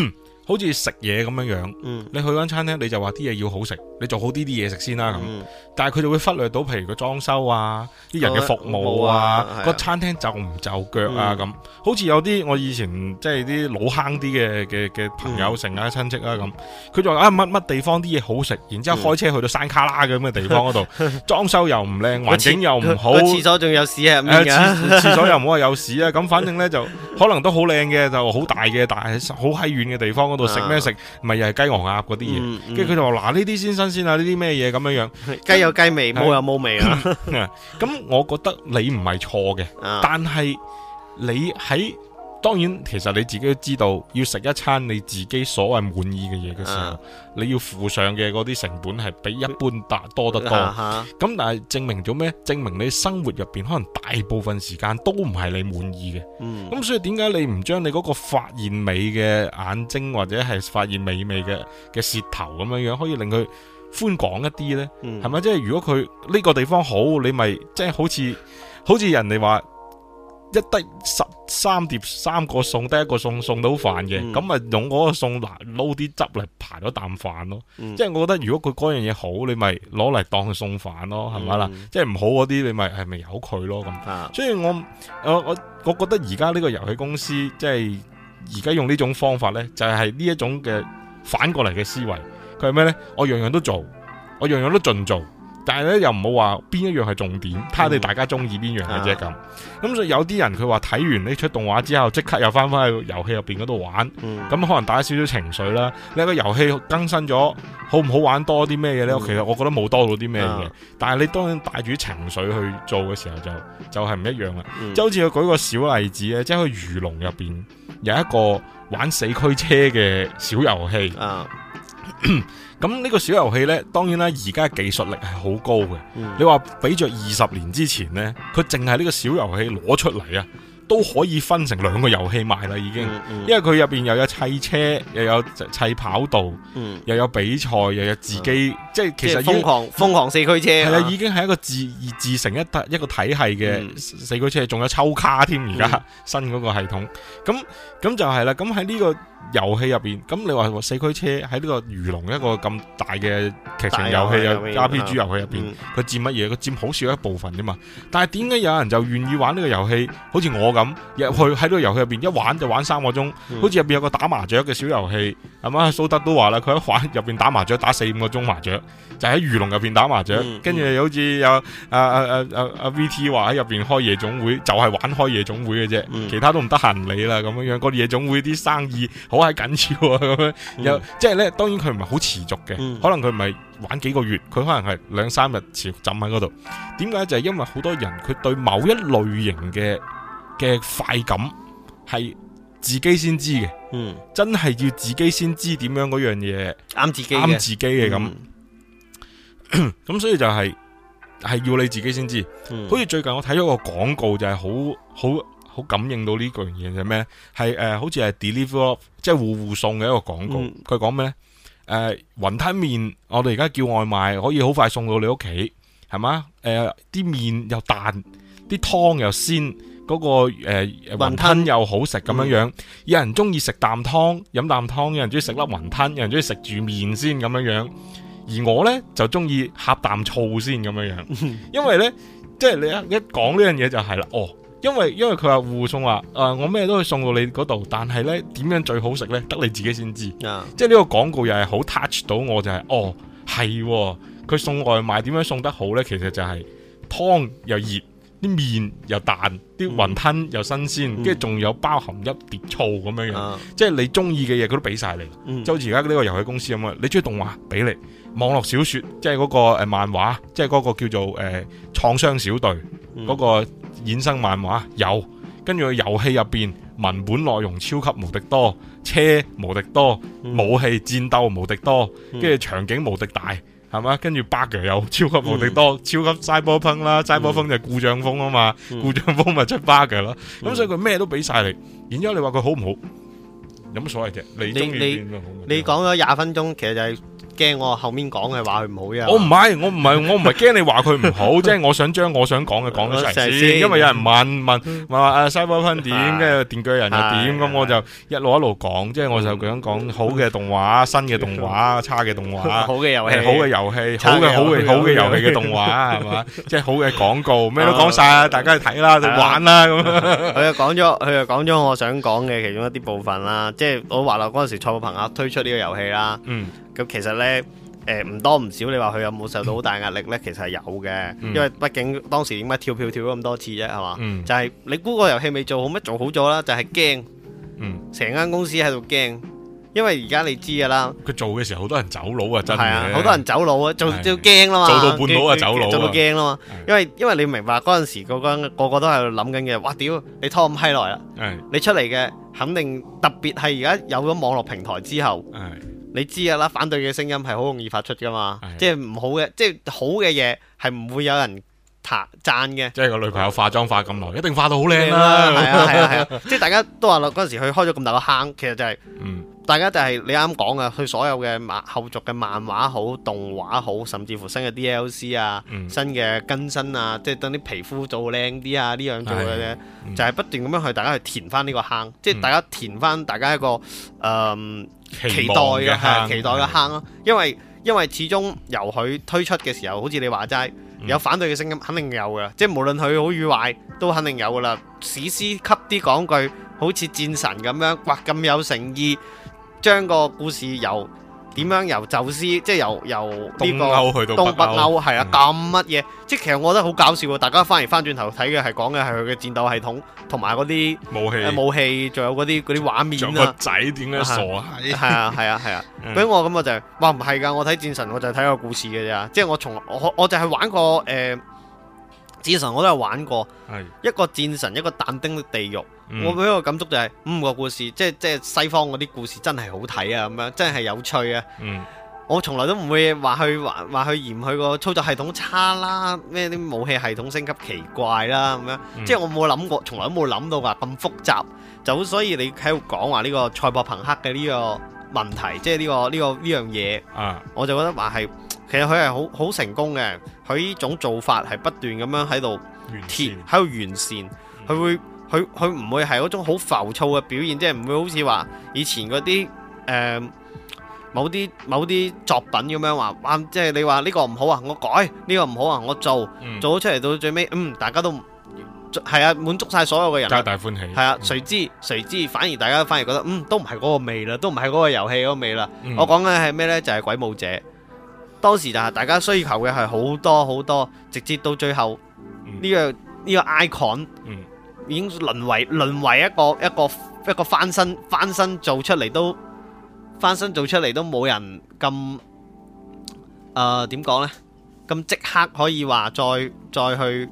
如。 好似食嘢咁樣樣，嗯、你去嗰間餐廳你就話啲嘢要好食，你做好啲啲嘢食先啦、啊、咁。嗯、但係佢就會忽略到，譬如個裝修啊，啲人嘅服務啊，啊個餐廳就唔就腳啊咁、嗯。好似有啲我以前即係啲老坑啲嘅嘅嘅朋友成啊、嗯、親戚啊咁，佢就話啊乜乜地方啲嘢好食，然之後開車去到山卡拉嘅咁嘅地方嗰度，嗯、 裝修又唔靚，環境又唔好，個廁所仲有屎 啊廁所又唔好話有屎啊咁。反正呢，就可能都好靚嘅，就好大嘅但大，大，好喺遠嘅地方。度食咩食？咪又係雞鵝鴨嗰啲嘢，跟住佢就話嗱呢啲先新鮮啊，呢啲咩嘢咁樣樣，雞有雞味，冇有冇味啊？咁 我覺得你唔係錯嘅，但係你喺。當然，其實你自己都知道，要食一餐你自己所謂滿意嘅嘢嘅時候，啊、你要付上嘅嗰啲成本係比一般大多得多。咁、啊啊、但係證明咗咩？證明你生活入邊可能大部分時間都唔係你滿意嘅。咁、嗯、所以點解你唔將你嗰個發現美嘅眼睛或者係發現美味嘅嘅舌頭咁樣樣，可以令佢寬廣一啲呢？係咪、嗯？即係、就是、如果佢呢個地方好，你咪即係好似好似人哋話。一得十三碟，三個餸得一個餸送到飯嘅，咁咪、嗯、用嗰個餸嚟撈啲汁嚟排咗啖飯咯。嗯、即係我覺得如果佢嗰樣嘢好，你咪攞嚟當佢餸飯咯，係咪啦？嗯、即係唔好嗰啲，你咪係咪由佢咯咁。啊、所以我我我，我覺得而家呢個遊戲公司即係而家用呢種方法呢，就係呢一種嘅反過嚟嘅思維。佢係咩呢？我樣，樣樣都做，我樣樣，樣都盡做。但係咧，又唔好話邊一樣係重點，睇下、嗯、你大家中意邊樣嘅啫咁。咁、啊、所以有啲人佢話睇完呢齣動畫之後，即刻又翻翻去遊戲入邊嗰度玩。咁、嗯、可能帶少少情緒啦。你個遊戲更新咗，好唔好玩多啲咩嘢呢？嗯、其實我覺得冇多到啲咩嘢。啊、但係你當然帶住情緒去做嘅時候就，就就係唔一樣啦。嗯、就好似佢舉個小例子咧，即係《魚龍》入邊有一個玩四驅車嘅小遊戲。啊咁呢個小遊戲呢，當然啦，而家技術力係好高嘅。嗯、你話比着二十年之前呢，佢淨係呢個小遊戲攞出嚟啊，都可以分成兩個遊戲賣啦，已經。嗯嗯、因為佢入邊又有砌車，又有砌跑道，嗯、又有比賽，又有自己，嗯、即係其實瘋狂瘋是狂四驅車係啦，了已經係一個自自成一個一個體系嘅四驅車，仲、嗯、有抽卡添。而家、嗯、新嗰個系統，咁咁就係、是、啦。咁喺呢個遊戲入邊，咁你話四驅車喺呢個《魚龍》一個咁大嘅劇情遊戲入，RPG 遊戲入邊，佢占乜嘢？佢占、嗯、好少一部分啫嘛。但係點解有人就願意玩呢個遊戲？好似我咁入去喺呢個遊戲入邊一玩就玩三個鐘，嗯、好似入邊有個打麻雀嘅小遊戲。阿媽蘇德都話啦，佢喺玩入邊打麻雀打四五個鐘麻雀，就喺、是《魚龍》入邊打麻雀。跟住、嗯、好似有阿阿阿阿 VT 話喺入邊開夜總會，就係、是、玩開夜總會嘅啫，嗯、其他都唔得閒理啦咁樣樣。個夜總會啲生意，好係緊要啊！咁 樣又、嗯、即係咧，當然佢唔係好持續嘅，嗯、可能佢唔係玩幾個月，佢可能係兩三日持續浸喺嗰度。點解就係、係、因為好多人佢對某一類型嘅嘅快感係自己先知嘅，嗯，真係要自己先知點樣嗰樣嘢啱自己啱自己嘅咁。咁所以就係、係、係要你自己先知。好似、嗯、最近我睇咗個廣告就係好好。好感應到呢句嘢就咩？係誒、呃，好似係 deliver，即係戶戶送嘅一個廣告。佢講咩咧？誒、呃、雲吞麵，我哋而家叫外賣，可以好快送到你屋企，係嘛？誒啲麵又彈，啲湯又鮮，嗰、那個誒、呃、雲吞又好食咁樣樣。嗯、有人中意食啖湯，飲啖湯；有人中意食粒雲吞，有人中意食住麵先咁樣樣。而我呢，就中意呷啖醋先咁樣樣，嗯嗯、因為呢，即、就、係、是、你一講呢樣嘢就係、是、啦，哦。因為因為佢話護送話，誒、呃、我咩都可以送到你嗰度，但係呢點樣最好食呢？得你自己先知。Yeah. 即係呢個廣告又係好 touch 到我，就係、是、哦係，佢、哦、送外賣點樣送得好呢？其實就係、是、湯又熱，啲麵又彈，啲雲吞又新鮮，跟住仲有包含一碟醋咁樣樣。Mm. 即係你中意嘅嘢，佢都俾晒你。就好似而家呢個遊戲公司咁啊，你中意動畫俾你，網絡小說即係嗰個誒漫畫，即係嗰個叫做誒、呃、創傷小隊、mm. 嗰個。衍生漫畫有，跟住個遊戲入邊文本內容超級無敵多，車無敵多，嗯、武器戰鬥無敵多，跟住、嗯、場景無敵大，係嘛？跟住 bug 又超級無敵多，嗯、超級賽博朋克啦，賽博朋克就故障風啊嘛，嗯、故障風咪出 bug 咯、er。咁、嗯、所以佢咩都俾晒你，然之後你話佢好唔好？有乜所謂啫？你你你講咗廿分鐘，其實就係、是。驚我後面講嘅話佢唔好啊！我唔係，我唔係，我唔係驚你話佢唔好，即係我想將我想講嘅講咗先。因為有人問問話啊，西伯噴點，跟住電鋸人又點咁，我就一路一路講，即係我就咁樣講好嘅動畫、新嘅動畫、差嘅動畫、好嘅遊戲、好嘅遊戲、好嘅好嘅好嘅遊戲嘅動畫係嘛，即係好嘅廣告，咩都講晒，大家去睇啦、去玩啦咁。佢就講咗，佢就講咗我想講嘅其中一啲部分啦。即係我話落嗰陣時，蔡某朋友推出呢個遊戲啦。嗯，咁其實咧。咧誒，唔多唔少，你話佢有冇受到好大壓力呢？其實係有嘅，因為畢竟當時點解跳票跳咗咁多次啫，係嘛？就係你估個遊戲未做好，乜做好咗啦？就係驚，嗯，成間公司喺度驚，因為而家你知噶啦，佢做嘅時候好多人走佬啊，真係，好多人走佬啊，就就驚啦嘛，做到半路啊走佬，驚啦嘛，因為因為你明白嗰陣時嗰間個個都喺度諗緊嘅，哇屌，你拖咁閪耐啦，係，你出嚟嘅，肯定特別係而家有咗網絡平台之後，係。你知㗎啦，反對嘅聲音係好容易發出噶嘛，的即係唔好嘅，即係好嘅嘢係唔會有人彈讚嘅。即係個女朋友化妝化咁耐，一定化到好靚啦。係啊係啊，的 即係大家都話嗰陣時佢開咗咁大個坑，其實就係、是，嗯、大家就係你啱講啊，佢所有嘅漫後續嘅漫畫好、動畫好，甚至乎新嘅 DLC 啊、嗯、新嘅更新啊，即係等啲皮膚做靚啲啊，呢樣做嘅嘢，的嗯、就係不斷咁樣去大家去填翻呢個坑，即係大家填翻大家一個誒。嗯嗯期待嘅係期，期待嘅坑咯的，因為因為始終由佢推出嘅時候，好似你話齋，有反對嘅聲音肯定有嘅，嗯、即係無論佢好與壞都肯定有噶啦。史詩級啲講句，好似戰神咁樣，哇咁有誠意，將個故事由。點樣由宙斯即係由由呢、這個東歐去到北歐係歐歐啊，咁乜嘢？即係其實我覺得好搞笑，大家反而翻轉頭睇嘅係講嘅係佢嘅戰鬥系統同埋嗰啲武器、啊、武器，仲有嗰啲嗰啲畫面啊仔點樣傻啊？係啊係啊係啊！俾我咁我就係、哇唔係噶，我睇戰神我就睇個故事嘅啫，即係我從我我就係玩過誒戰神，我都係玩過、呃有玩過的，一個戰神，一個但丁地獄。我俾個感觸就係五個故事，即係即係西方嗰啲故事真係好睇啊，咁樣真係有趣啊。嗯、我從來都唔會話去話話去嫌佢個操作系統差啦，咩啲武器系統升級奇怪啦，咁樣、嗯、即係我冇諗過，從來都冇諗到話咁複雜。就好，所以你喺度講話呢個賽博朋克嘅呢個問題，即係呢、呢個呢、呢個呢樣嘢，呢個呢個啊、我就覺得話係其實佢係好好成功嘅，佢呢種做法係不斷咁樣喺度填喺度完善，佢、嗯、會。佢佢唔會係嗰種好浮躁嘅表現，即係唔會好似話以前嗰啲誒某啲某啲作品咁樣話，哇！即係你話呢個唔好啊，我改呢、這個唔好啊，我做、嗯、做咗出嚟到最尾，嗯，大家都係啊，滿足晒所有嘅人，皆大歡喜。係啊，誰知誰、嗯、知、知，反而大家反而覺得，嗯，都唔係嗰個味啦，都唔係嗰個遊戲嗰味啦。嗯、我講嘅係咩呢？就係、是《鬼武者》，當時就係大家需求嘅係好多好多、多，直至到最後呢、嗯、這個呢、這個 icon。嗯已經淪為淪為一個一個一個翻身翻身做出嚟都翻身做出嚟都冇人咁，誒點講呢？咁即刻可以話再再去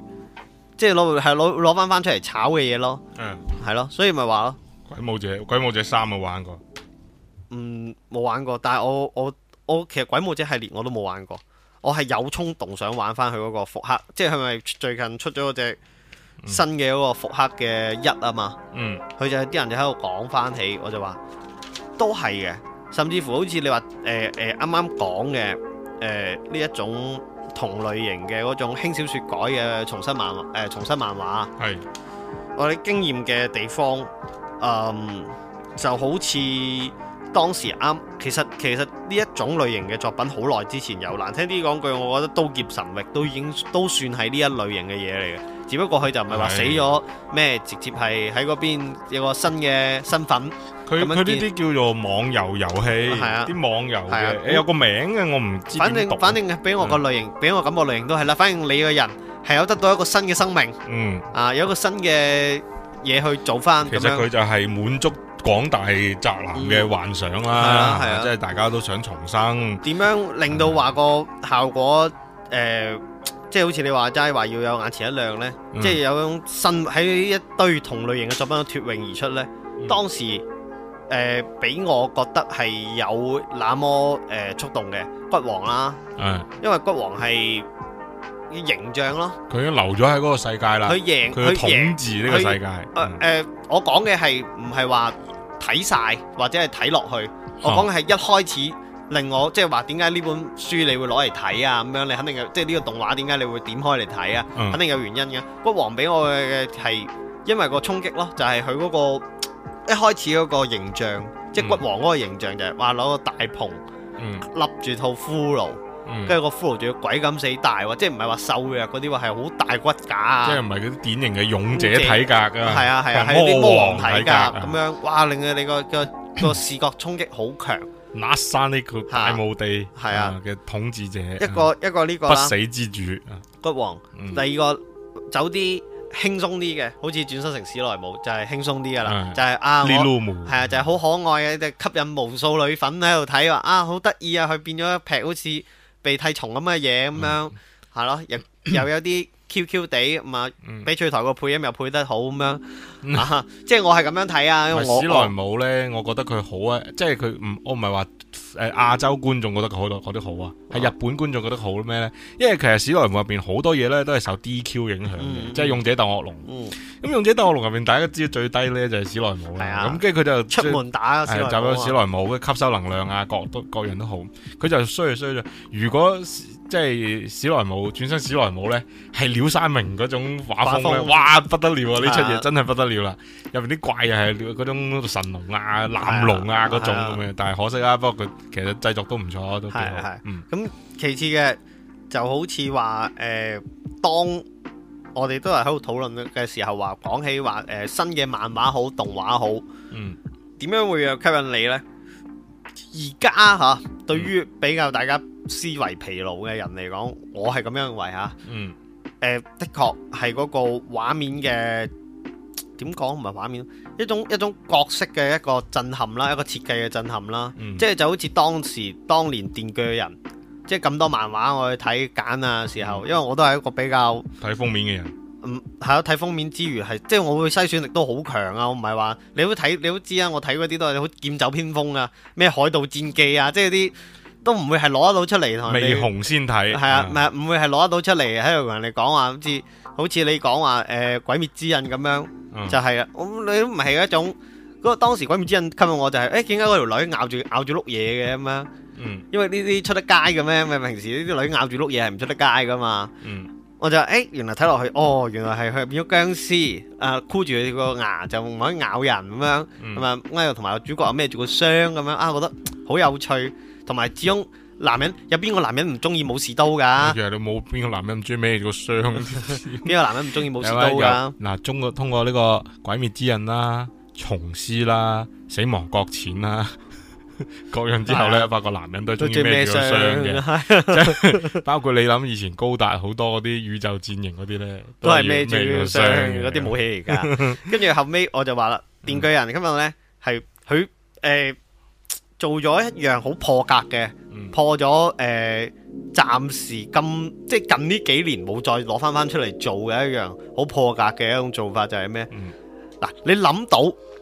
即係攞係攞攞翻翻出嚟炒嘅嘢咯，係、嗯、咯，所以咪話咯鬼。鬼武者鬼武者三冇玩過，嗯冇玩過，但係我我我其實鬼武者系列我都冇玩過，我係有衝動想玩翻佢嗰個復刻，即係佢咪最近出咗嗰隻。新嘅嗰個復刻嘅一啊嘛，佢、嗯、就啲人就喺度講返起，我就話都係嘅，甚至乎好似你話誒誒啱啱講嘅誒呢一種同類型嘅嗰種輕小說改嘅重新漫誒重新漫畫，係、呃、是我哋經驗嘅地方，嗯、呃、就好似當時啱其實其實呢一種類型嘅作品好耐之前有，難聽啲講句，我覺得刀劍神域都已經都算係呢一類型嘅嘢嚟嘅。只不過佢就唔係話死咗咩，直接係喺嗰邊有個新嘅身份。佢，佢呢啲叫做網遊遊戲，係啊，啲網遊嘅，有個名嘅我唔知。反正反正俾我個類型，俾我感覺類型都係啦。反正你個人係有得到一個新嘅生命，嗯，啊，有個新嘅嘢，去做翻。其實佢就係滿足廣大宅男嘅幻想啦，係啊，即係大家都想重生。點樣令到話個效果誒？即係好似你話齋話要有眼前一亮呢，嗯、即係有種新喺一堆同類型嘅作品度脫穎而出呢。嗯、當時誒俾、呃、我覺得係有那麼誒觸動嘅，骨王啦，嗯、因為骨王係形象咯。佢已經留咗喺嗰個世界啦。佢贏，佢統治呢個世界。誒我講嘅係唔係話睇晒，或者係睇落去？ 我講嘅係一開始。令我即係話點解呢本書你會攞嚟睇啊？咁樣你肯定有即係呢個動畫，點解你會點開嚟睇啊？嗯、肯定有原因嘅。骨王俾我嘅係因為個衝擊咯，就係佢嗰個一開始嗰個形象，即、就、係、是、骨王嗰個形象就係話攞個大篷，笠住、嗯、套，套骷髏，跟住、嗯、個骷髏仲要鬼咁死大，即係唔係話瘦嘅嗰啲，話係好大骨架啊！即係唔係嗰啲典型嘅勇者體格啊？係啊係啊，係嗰啲魔王體格咁、啊、樣，哇！令你你、那個個個視覺衝擊好強。 那山呢個大墓地，係啊嘅統治者，一個一個呢個不死之主，骨王。嗯、第二個走啲輕鬆啲嘅，好似轉身成史萊姆就係輕鬆啲噶啦，就係、是、啊，、就是、啊我係啊就係、是、好可愛嘅、啊啊，吸引無數女粉喺度睇話啊好得意啊，佢、啊、變咗一劈好似鼻涕蟲咁嘅嘢咁樣，係咯、嗯啊、又又有啲。 Q Q 地咁啊，翡、嗯、翠台個配音又配得好咁、啊嗯、樣，即係我係咁樣睇啊。因為史萊姆咧，我覺得佢好啊，即係佢唔，我唔係話誒亞洲觀眾覺得佢好咯，覺得好啊，係、啊、日本觀眾覺得好咩、啊、咧？因為其實史萊姆入邊好多嘢咧都係受 D Q 影響嘅，嗯、即係勇者鬥惡龍。咁勇、嗯嗯、者鬥惡龍入邊大家知道最低咧就係史萊姆咁，跟住佢就出門打、啊，集咗史萊姆吸收能量啊，各都各，各人都好。佢就衰衰咗，如果。即係史萊姆轉身史萊姆呢，係鳥山明嗰種畫風，風哇不得了啊！呢、啊、出嘢真係不得了啦、啊，入邊啲怪又係嗰種神龍啊、藍龍啊嗰、啊、種咁嘅，啊、但係可惜啦、啊，不過佢其實製作都唔錯，都幾好。啊啊、嗯，咁其次嘅就好似話，誒、呃，當我哋都係喺度討論嘅時候，話講起話，誒、呃，新嘅漫畫好，動畫好，嗯，點樣會又吸引你呢？而家吓，對於比較大家。嗯嗯思維疲勞嘅人嚟講，我係咁樣認為吓。嗯，誒、呃，的確係嗰個畫面嘅，點講唔係畫面，一種一種角色嘅一個震撼啦，一個設計嘅震撼啦。嗯、即係就好似當時當年電鋸嘅人，即係咁多漫畫我去睇揀啊時候，嗯、因為我都係一個比較睇封面嘅人。嗯，係咯，睇封面之餘係，即係我會篩選力都好強啊。我唔係話你都睇，你都知啊。我睇嗰啲都係好劍走偏鋒啊，咩海盜戰記啊，即係啲。都唔會係攞得到出嚟同你，未紅先睇係啊，唔係唔會係攞得到出嚟。喺度同人哋講話，好似好似你講話誒鬼滅之刃咁樣，就係啊，咁你都唔係一種嗰個當時鬼滅之刃吸引我，就係誒，點解嗰條女咬住咬住碌嘢嘅咁樣？因為呢啲出得街嘅咩？咪平時呢啲女咬住碌嘢係唔出得街噶嘛？我就誒，原來睇落去，哦，原來係佢變咗僵屍，誒箍住佢個牙就唔可以咬人咁樣，咁啊，同埋個主角又孭住個箱咁樣啊，覺得好有趣。同埋始終男人，有邊個男人唔中意武士刀噶？其實你冇邊個男人唔中意孭個箱？邊 個男人唔中意武士刀噶？嗱、啊，通過通過呢個鬼滅之刃啦、蟲師啦、死亡擱淺啦、各樣之後咧，啊、發覺男人都中意孭箱嘅，包括你諗以前高達好多嗰啲宇宙戰型嗰啲咧，都係孭住箱嗰啲武器嚟噶。跟住後尾我就話啦，電鋸人今日咧係佢誒。 做咗一樣好破格嘅，破咗誒、呃，暫時咁即係近呢幾年冇再攞翻翻出嚟做嘅一樣好破格嘅一種做法就係咩？嗱、嗯啊，你諗到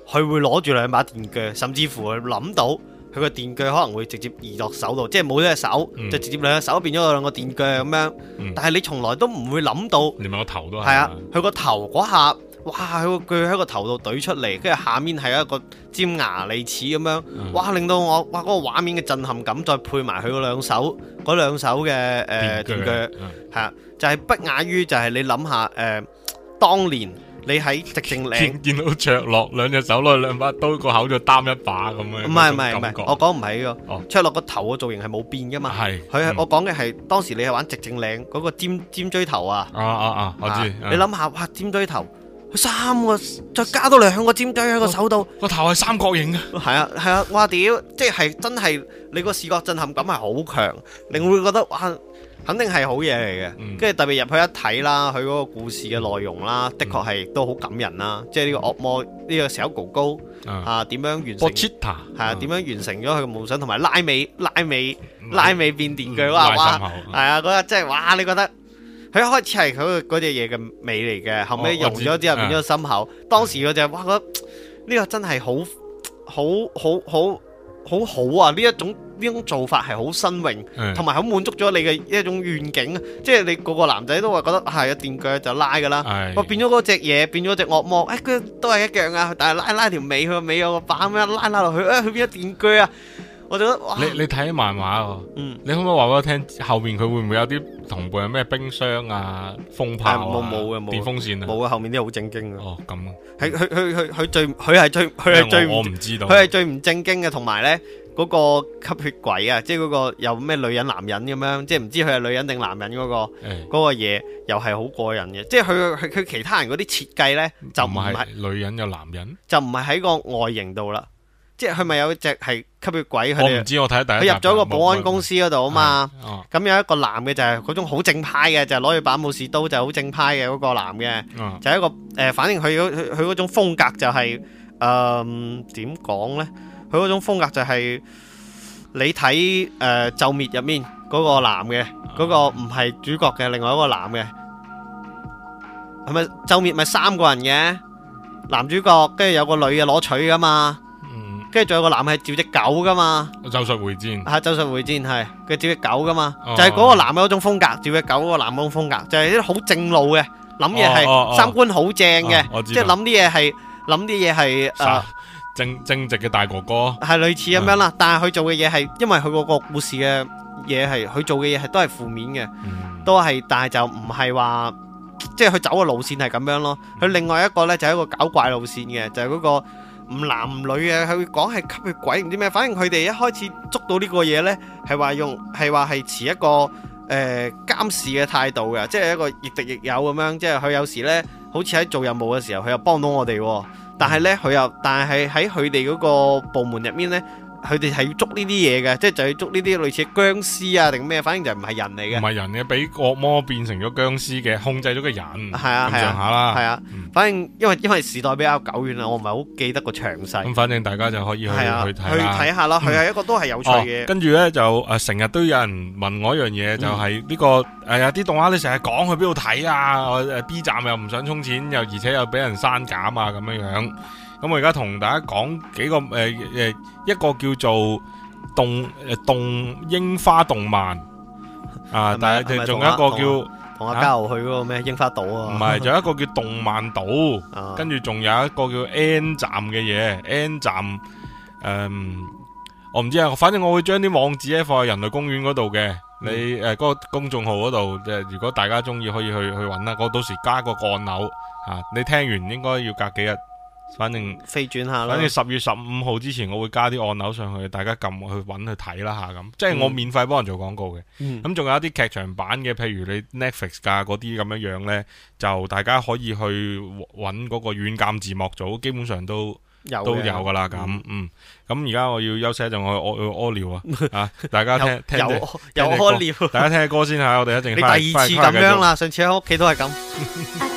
佢會攞住兩把電鋸，甚至乎諗到佢個電鋸可能會直接移落手度，即係冇咗隻手、嗯、就直接兩隻手變咗兩個電鋸咁樣。嗯、但係你從來都唔會諗到，連埋個頭都係啊！佢個頭嗰下。哇！佢佢喺個頭度懟出嚟，跟住下面係一個尖牙利齒咁樣，哇！令到我哇嗰個畫面嘅震撼感，再配埋佢嗰兩手兩手嘅誒電鋸，係啊，就係不亞於，就係你諗下誒，當年你喺寂靜嶺見到卓洛兩隻手攞兩把刀，個口就擔一把咁樣，唔係唔係唔係，我講唔係噶，卓洛個頭嘅造型係冇變噶嘛，佢我講嘅係當時你係玩寂靜嶺嗰個尖尖錐頭啊，啊啊啊！我知，你諗下哇，尖錐頭。佢三個，再加到嚟，兩個尖雞喺個手度，個頭係三角形嘅。係啊，係啊，哇屌、啊！即係真係你個視覺震撼感係好強，你會覺得哇，肯定係好嘢嚟嘅。跟住、嗯、特別入去一睇啦，佢嗰個故事嘅內容啦，嗯、的確係都好感人啦。即係呢個惡魔呢、呢個小狗狗啊，點樣完成？係 oc 啊，點樣完成咗佢嘅夢想，同埋、嗯、拉尾、拉尾、拉尾變電鋸哇哇！係啊，嗰日即係哇，你覺得？佢一開始係佢嗰隻嘢嘅尾嚟嘅，後尾融咗之後變咗個心口。哦嗯、當時嗰隻，哇！覺得呢、這個真係好好好好好好啊！呢一種呢種做法係好新穎，同埋好滿足咗你嘅一種願景啊！即係你個個男仔都話覺得係電鋸就拉噶啦，我、嗯、變咗嗰隻嘢，變咗隻惡魔。誒、哎，佢都係一樣啊，但係拉拉條尾，佢個尾,尾有個把咁樣拉拉落去，誒，佢變咗電鋸啊！我覺得你你睇漫畫，嗯，你可唔可以話俾我聽後面佢會唔會有啲同伴咩冰箱啊、風炮、啊、電風扇啊？冇嘅，後面啲好正經嘅。哦，咁、啊。係佢佢佢佢最佢係最佢係最唔咩係我唔知道。佢係最唔正經嘅，同埋咧嗰個吸血鬼啊，即係嗰個有咩女人、男人咁樣，即係唔知佢係女人定男人嗰、嗰個、欸、個嘢，又係好過癮嘅。即係佢佢佢其他人嗰啲設計咧，就唔係女人又男人，就唔係喺個外形度啦。即係佢咪有一隻係吸血鬼佢？我唔知佢哋我睇第一集佢入咗個保安公司嗰度啊嘛、嗯，咁有一個男嘅就係嗰種好正派嘅，就係攞住把武士刀就好正派嘅嗰個男嘅，就係、是、一個誒、嗯呃，反正佢嗰佢佢嗰種風格就係誒點講呢？佢嗰種風格就係、是、你睇誒咒滅入面嗰個男嘅，嗰、那個唔係主角嘅另外一個男嘅，係咪咒滅咪三個人嘅？男主角跟住有個女嘅攞取噶嘛？跟住仲有個男嘅係照隻狗噶嘛，咒術迴戰。吓，咒術迴戰係佢照隻狗噶嘛，就係嗰個男嘅嗰種風格，照隻狗個男嗰種風格，就係啲好正路嘅諗嘢係三觀好正嘅，即係諗啲嘢係諗啲嘢係誒正正直嘅大哥哥，係類似咁樣啦。但係佢做嘅嘢係因為佢嗰個故事嘅嘢係佢做嘅嘢係都係負面嘅，都係但係就唔係話即係佢走嘅路線係咁樣咯。佢另外一個咧就係一個搞怪路線嘅，就係嗰個。唔男唔女嘅、啊，佢講係吸血鬼唔知咩，反正佢哋一開始捉到呢個嘢呢，係話用係話係持一個誒、呃、監視嘅態度嘅，即係一個亦敵亦友咁樣。即係佢有時呢，好似喺做任務嘅時候，佢又幫到我哋、啊。但係呢，佢又但係喺佢哋嗰個部門入面呢。佢哋係要捉呢啲嘢嘅，即係就要捉呢啲類似殭屍啊，定咩？反正就唔係人嚟嘅。唔係人嘅，俾惡魔變成咗殭屍嘅，控制咗個人。係啊係啊，吓啦，係啊。反正因為因為時代比較久遠啦，我唔係好記得個詳細。咁，反正大家就可以去去睇啦，去睇下啦。佢係一個都係有趣嘅。跟住咧就誒，成日都有人問我一樣嘢，就係呢個誒，有啲動畫你成日講去邊度睇啊？誒，B 站又唔想充錢，又而且又俾人刪減啊，咁樣樣。咁我而家同大家講幾個誒誒、呃，一個叫做動誒動櫻花動漫啊，是是但係仲有一個叫同阿嘉豪去個咩櫻花島啊，唔係、啊，仲有、啊啊、一個叫動漫島， 跟住仲有一個叫 N 站嘅嘢，N 站誒、呃，我唔知啊，反正我會將啲網址咧放喺人類公園度嘅，你誒、嗯呃嗰個公眾號度，即如果大家中意可以去去揾啦，我、嗰個、到時加個按鈕啊，你聽完應該要隔幾日。反正飛轉下，反正十月十五號之前，我會加啲按鈕上去，大家撳去揾去睇啦嚇咁。即係我免費幫人做廣告嘅，咁仲有啲劇場版嘅，譬如你 Netflix 噶嗰啲咁樣樣咧，就大家可以去揾嗰個軟件字幕組，基本上都都有噶啦咁。嗯，咁而家我要休息一陣就我屙屙尿啊，啊大家聽聽啲，有屙尿，大家聽下歌先嚇，我哋一陣。你第二次咁樣啦，上次喺屋企都係咁。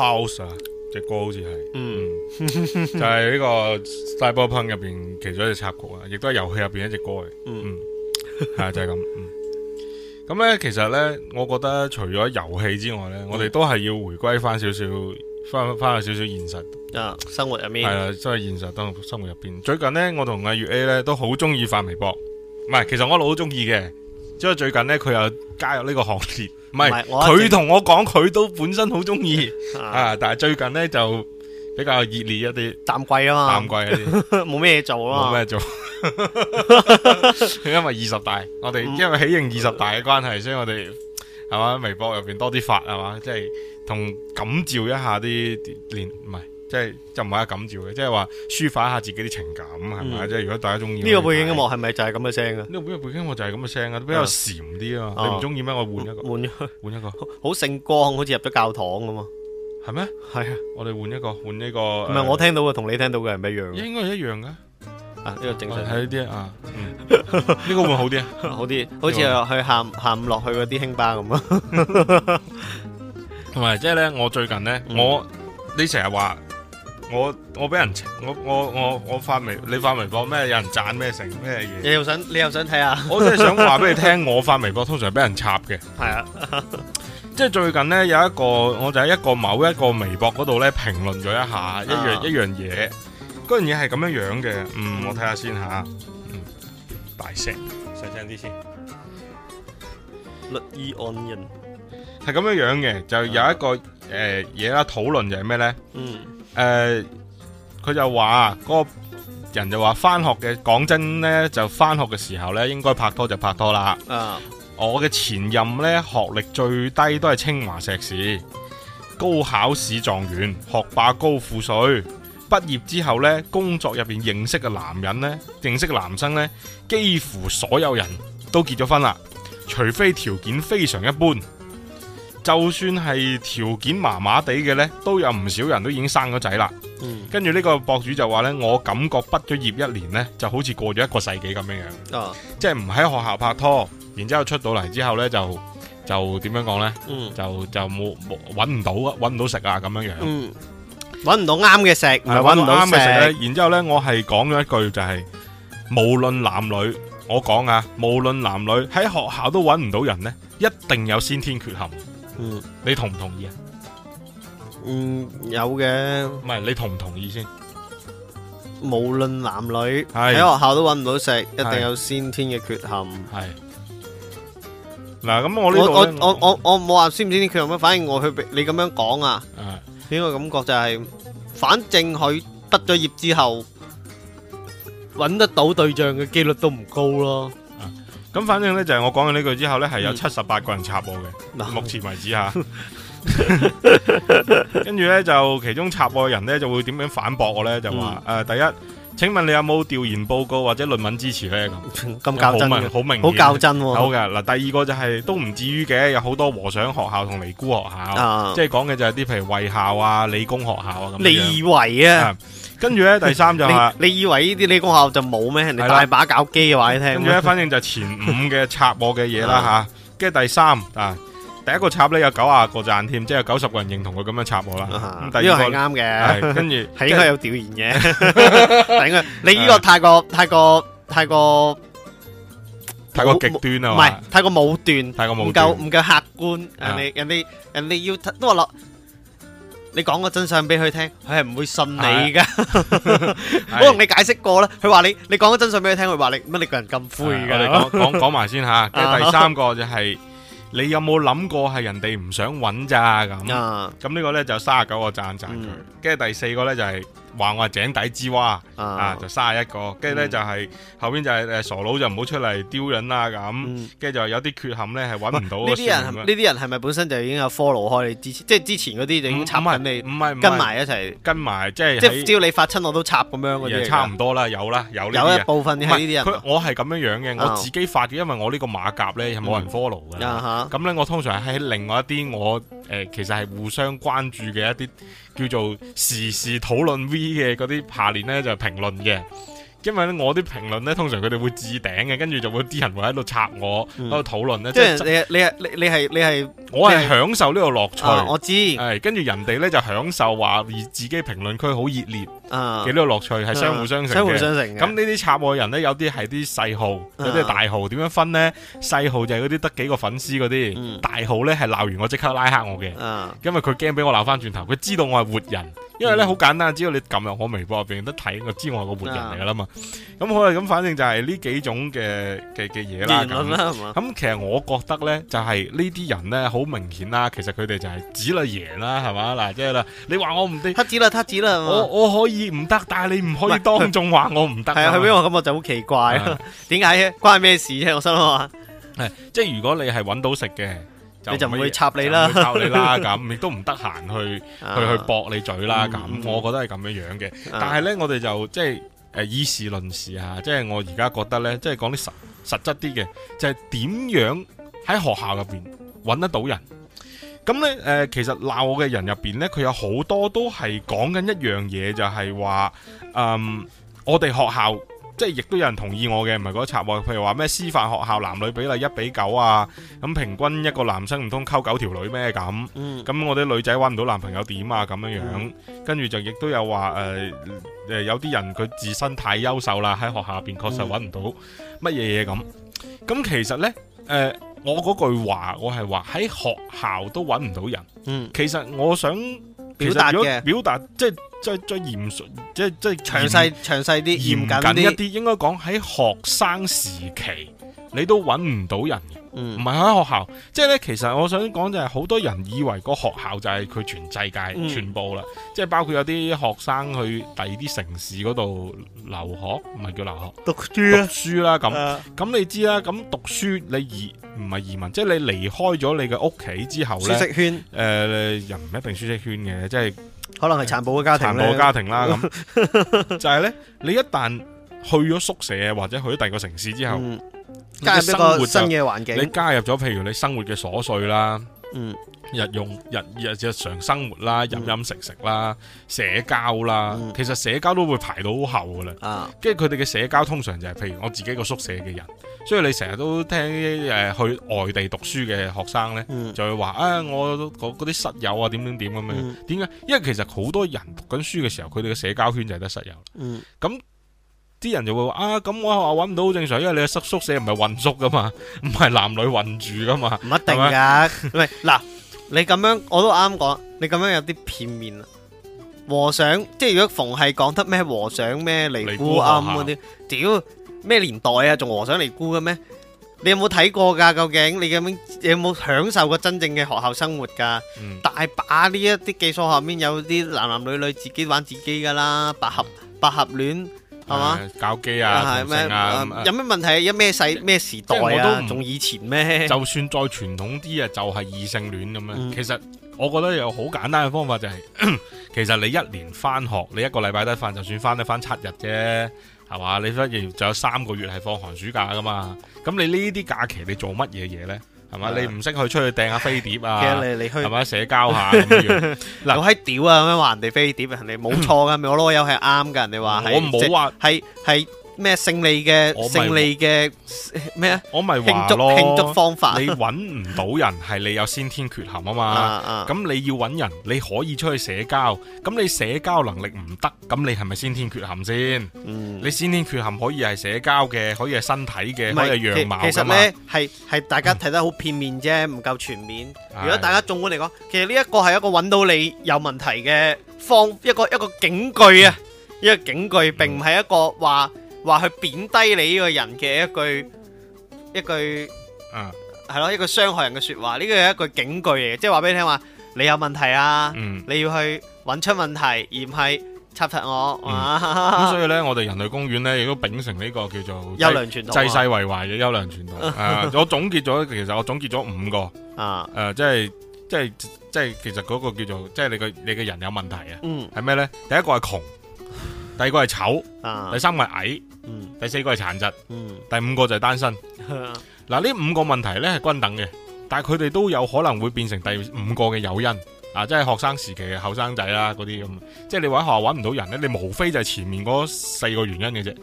House、嗯嗯，就係、啊，隻歌好似係，嗯，就係呢個《賽博朋克》入邊其中一隻插曲啊，亦都係遊戲入邊一隻歌嚟，嗯，係就係咁。咁咧，其實咧，我覺得除咗遊戲之外咧，嗯、我哋都係要回歸翻少少，翻翻少少現實、啊、生活入面係啊，即係現實生活入邊。最近呢，我同阿月 A 咧都好中意發微博，唔係，其實我老好中意嘅。即係最近呢，佢又加入呢個行列，唔係佢同我講，佢都本身好中意啊，但係最近呢，就比較熱烈一啲，淡季啊嘛，淡季一啲，冇咩 做咯，冇咩做， 因為二十大，我哋因為喜迎二十大嘅關係，所以我哋係嘛微博入邊多啲發係嘛，即係同感召一下啲連唔係。即係就唔係阿感召嘅，即係話抒發一下自己啲情感係咪？即係如果大家中意呢個背景音樂係咪就係咁嘅聲噶？呢個背景音樂就係咁嘅聲啊，比較禪啲啊，你唔中意咩？我換一個，換一個，換一個，好聖光，好似入咗教堂咁啊，係咩？係啊，我哋換一個，換呢個，唔係我聽到嘅，同你聽到嘅係咪一樣，應該係一樣嘅，呢個正常，睇呢啲啊，呢個會唔會好啲？好啲，好似去下下午落去嗰啲輕巴咁啊。同埋即係咧，我最近咧，我你成日話。我我俾人我我我我發微你發微博咩？有人讚咩成咩嘢？你又想你又想睇下？我真係想話俾你聽， 我發微博通常係俾人插嘅。係是啊， 嗯、即係最近呢，有一個，我就喺一個某一個微博嗰度呢評論咗一下一樣、啊、一樣嘢。嗰樣嘢係咁樣樣嘅，嗯，我睇下先吓，嗯，大聲細聲啲先。Look, e on in 係咁樣樣嘅，就有一個誒嘢啦，討論就係咩呢？嗯。誒，佢、呃、就話嗰、那個人就話翻學嘅，講真呢，就翻學嘅時候呢，應該拍拖就拍拖啦。Uh. 我嘅前任呢，學歷最低都係清華碩士，高考試狀元，學霸高富帥。畢業之後呢，工作入邊認識嘅男人呢，認識嘅男生呢，幾乎所有人都結咗婚啦，除非條件非常一般。就算係條件麻麻地嘅呢，都有唔少人都已經生咗仔啦。跟住呢個博主就話呢，我感覺畢咗業一年呢，就好似過咗一個世紀咁樣樣、哦、即係唔喺學校拍拖，然之後出到嚟之後呢，就就點樣講咧？就呢、嗯、就冇冇揾唔到啊，揾唔到食啊，咁樣樣嗯，揾唔到啱嘅食，揾唔對到啱嘅食咧。不不食然之後咧，我係講咗一句就係、是，無論男女，我講啊，無論男女喺學校都揾唔到人呢，一定有先天缺陷。嗯，你同唔同意啊？嗯，有嘅。唔係你同唔同意先？無論男女喺學校都搵唔到食，一定有先天嘅缺陷。係嗱，咁我呢度我我我我冇話先天缺陷咩？反正我去你咁樣講啊，俾個感覺就係，反正佢畢咗業之後搵得到對象嘅幾率都唔高咯。咁反正咧就係、是、我講完呢句之後咧係有七十八個人插播嘅，嗱、嗯、目前為止吓，跟住咧就其中插播嘅人咧就會點樣反駁我咧就話誒、嗯呃、第一，請問你有冇調研報告或者論文支持咧咁咁較真好明好較真好，好嘅嗱。第二個就係、是、都唔至於嘅，有好多和尚學校同尼姑學校，啊、即係講嘅就係啲譬如衛校啊、理工學校啊咁。樣你以為啊？跟住咧，第三就係你以為呢啲理工學校就冇咩？人哋大把搞機話你聽。跟住咧，反正就前五嘅插我嘅嘢啦吓。跟住第三啊，第一個插咧有九啊個讚添，即係有九十個人認同佢咁樣插我啦。咁呢個係啱嘅，跟住係應該有調研嘅。你應該你呢個太過太過太過太過極端啊！唔係太過武斷，太過唔夠唔夠客觀。人哋人哋人哋要都話咯。你講個真相俾佢聽，佢係唔會信你噶。我同你解釋過啦，佢話你，你講個真相俾佢聽，佢話你乜你個人咁灰噶。你講講講埋先吓。跟住第三個就係、是、你有冇諗過係人哋唔想揾咋咁？咁、啊、呢個咧就三十九個讚讚佢。跟住、嗯、第四個咧就係、是。話我係井底之蛙啊，就卅一個，跟住咧就係後邊就係誒傻佬就唔好出嚟丟人啦咁，跟住就有啲缺陷咧係搵唔到。呢啲人呢啲人係咪本身就已經有 follow 開你？即係之前嗰啲已經插緊你，唔係唔係，跟埋一齊，跟埋即係。即只要你發親我都插咁樣嘅嘢。差唔多啦，有啦，有有一部分係呢啲人。佢我係咁樣樣嘅，我自己發嘅，因為我呢個馬甲咧係冇人 follow 噶。咁咧我通常喺另外一啲我誒其實係互相關注嘅一啲。叫做時事討論 V 嘅嗰啲下年呢，就係評論嘅，因為咧，我啲評論呢，通常佢哋會置頂嘅，跟住就會啲人會喺度插我，喺度討論呢，即係即係你你你你係你係，我係享受呢個樂趣。啊，我知，係跟住人哋呢就享受話而自己評論區好熱烈。幾多樂趣係相互相成，相互相成。咁呢啲插我嘅人咧，有啲係啲細號，有啲係大號。點樣分呢？細號就係嗰啲得幾個粉絲嗰啲，大號咧係鬧完我即刻拉黑我嘅。因為佢驚俾我鬧翻轉頭，佢知道我係活人。因為咧好簡單，只要你撳入我微博入邊都睇，我知我係個活人嚟噶啦嘛。咁好啦，咁反正就係呢幾種嘅嘅嘅嘢啦。咁其實我覺得咧，就係呢啲人咧，好明顯啦。其實佢哋就係子啦爺啦，係嘛嗱，即係啦。你話我唔對，他子啦，他子啦，我我可以。唔得，但係你唔可以當眾話我唔得。係，啊、因為我感覺就好奇怪。點解嘅？關咩事啫？我心諗話。係，即係如果你係揾到食嘅，就你就唔會插你啦，插你啦咁，亦 都唔得閒去、啊、去去駁你嘴啦咁。嗯、我覺得係咁樣樣嘅。但係咧，我哋就即係誒以事論事嚇，即係我而家覺得咧，即係講啲實實質啲嘅，就係、是、點樣喺學校入邊揾得到人。咁咧，誒、呃，其實鬧我嘅人入邊咧，佢有好多都係講緊一樣嘢，就係、是、話，嗯、呃，我哋學校即係亦都有人同意我嘅，唔係嗰一輯。譬如話咩師範學校男女比例一比九啊，咁平均一個男生唔通溝九條女咩咁？咁我啲女仔揾唔到男朋友點啊咁樣樣，跟住就亦都有話誒，誒、呃、有啲人佢自身太優秀啦，喺學校入邊確實揾唔到乜嘢嘢咁。咁、嗯、其實咧，誒、呃。我嗰句話，我係話喺學校都揾唔到人。嗯，其實我想表達嘅，表達即係即係最嚴肅，即係即係詳細詳細啲，嚴謹細嚴一啲。一應該講喺學生時期，你都揾唔到人。唔係喺學校，即係咧，其實我想講就係好多人以為個學校就係佢全世界全部啦，嗯、即係包括有啲學生去第二啲城市嗰度留學，唔係叫留學，讀書、啊、讀書啦咁。咁、呃、你知啦，咁讀書你移唔係移民，即係你離開咗你嘅屋企之後咧。舒適圈誒，人唔、呃、一定舒適圈嘅，即係可能係殘暴嘅家庭，殘暴嘅家庭啦。咁 就係咧，你一旦去咗宿舍或者去咗第二個城市之後。嗯嗯加入一個新嘅環境，你加入咗，譬如你生活嘅瑣碎啦，嗯，日用日日常生活啦，飲飲、嗯、食食啦，社交啦，嗯、其實社交都會排到好後噶啦，啊，跟住佢哋嘅社交通常就係、是、譬如我自己個宿舍嘅人，所以你成日都聽誒、呃、去外地讀書嘅學生咧，嗯、就會話啊，我嗰啲室友啊點點點咁樣，怎樣，怎樣，點解、嗯，因為其實好多人讀緊書嘅時候，佢哋嘅社交圈就係得室友，嗯，咁、嗯。啲人就會話啊，咁我學校搵唔到好正常，因為你嘅宿宿舍唔係混宿噶嘛，唔係男女混住噶嘛，唔一定嘅。唔係嗱，你咁樣我都啱講，你咁樣有啲片面啦。和尚即係如果逢係講得咩和尚咩尼姑啱嗰啲，屌咩年代啊，仲和尚尼姑嘅咩？你有冇睇過噶？究竟你咁樣有冇享受過真正嘅學校生活噶？大把呢一啲寄宿下面有啲男男女女自己玩自己噶啦，百合百合戀。係嘛？搞基啊，同性啊，有咩麼、啊、問題啊？一咩世咩時代、啊、我都唔仲以前咩？就算再傳統啲啊，就係、是、異性戀咁樣。嗯、其實我覺得有好簡單嘅方法、就是，就係其實你一年返學，你一個禮拜得返，就算返得返七日啫，係嘛？你分月就有三個月係放寒暑假㗎嘛。咁你呢啲假期你做乜嘢嘢咧？係嘛？是是你唔識去出去掟下飛碟啊？ 其實你你去係嘛？社交下咁 樣嗱，我喺屌啊！咁樣話人哋飛碟啊，人哋冇錯噶， 我老友係啱噶，人哋話係我唔好話係係。咩勝利嘅勝利嘅咩啊？我咪慶祝慶祝方法。你搵唔到人，係你有先天缺陷啊嘛。咁你要搵人，你可以出去社交。咁你社交能力唔得，咁你係咪先天缺陷先？你先天缺陷可以係社交嘅，可以係身體嘅，可以係樣貌。其實呢係係大家睇得好片面啫，唔夠全面。如果大家縱觀嚟講，其實呢一個係一個搵到你有問題嘅方，一個一個警句啊，一個警句，並唔係一個話，話佢貶低你呢個人嘅一句一句，一句嗯，係咯，一句傷害人嘅說話，呢個係一句警句嚟嘅，即係話俾你聽話，你有問題啊，嗯，你要去揾出問題，而唔係插插我。咁、嗯、 所以呢，我哋人類公園呢，亦都秉承呢個叫做優良傳統，啊，濟世為懷嘅優良傳統、 啊。我總結咗，其實我總結咗五個，呀啊，誒，即係即係即係，其實嗰個叫做，即係你個你個人有問題啊，嗯，係咩呢？第一個係窮。第二個係醜，第三個係矮，第四個係殘疾，嗯、第五個就係單身。嗱、嗯，呢五個問題咧係均等嘅，但係佢哋都有可能會變成第五個嘅誘因，啊，即係學生時期嘅後生仔啦，嗰啲咁。即係你搵學校搵唔到人咧，你無非就係前面嗰四個原因嘅啫，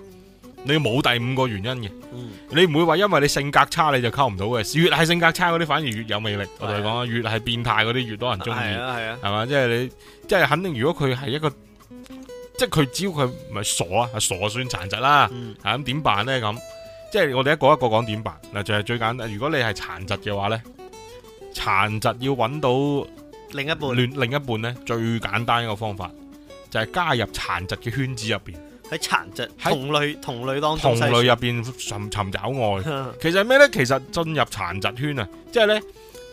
你冇第五個原因嘅，嗯、你唔會話因為你性格差你就溝唔到嘅，越係性格差嗰啲反而越有魅力。我同你講、啊、越係變態嗰啲越多人中意，係啊係嘛、啊，即係你，即係肯定如果佢係一個。即係佢，只要佢唔係傻啊，傻算殘疾啦，吓咁點辦咧？咁即係我哋一個一個講點辦嗱，就係最簡單。如果你係殘疾嘅話咧，殘疾要揾到另一半，另，另一半咧最簡單一個方法就係加入殘疾嘅圈子入邊，喺殘疾同類同類當中，同類入邊尋尋找愛。 其實係咩咧？其實進入殘疾圈啊，即係咧誒。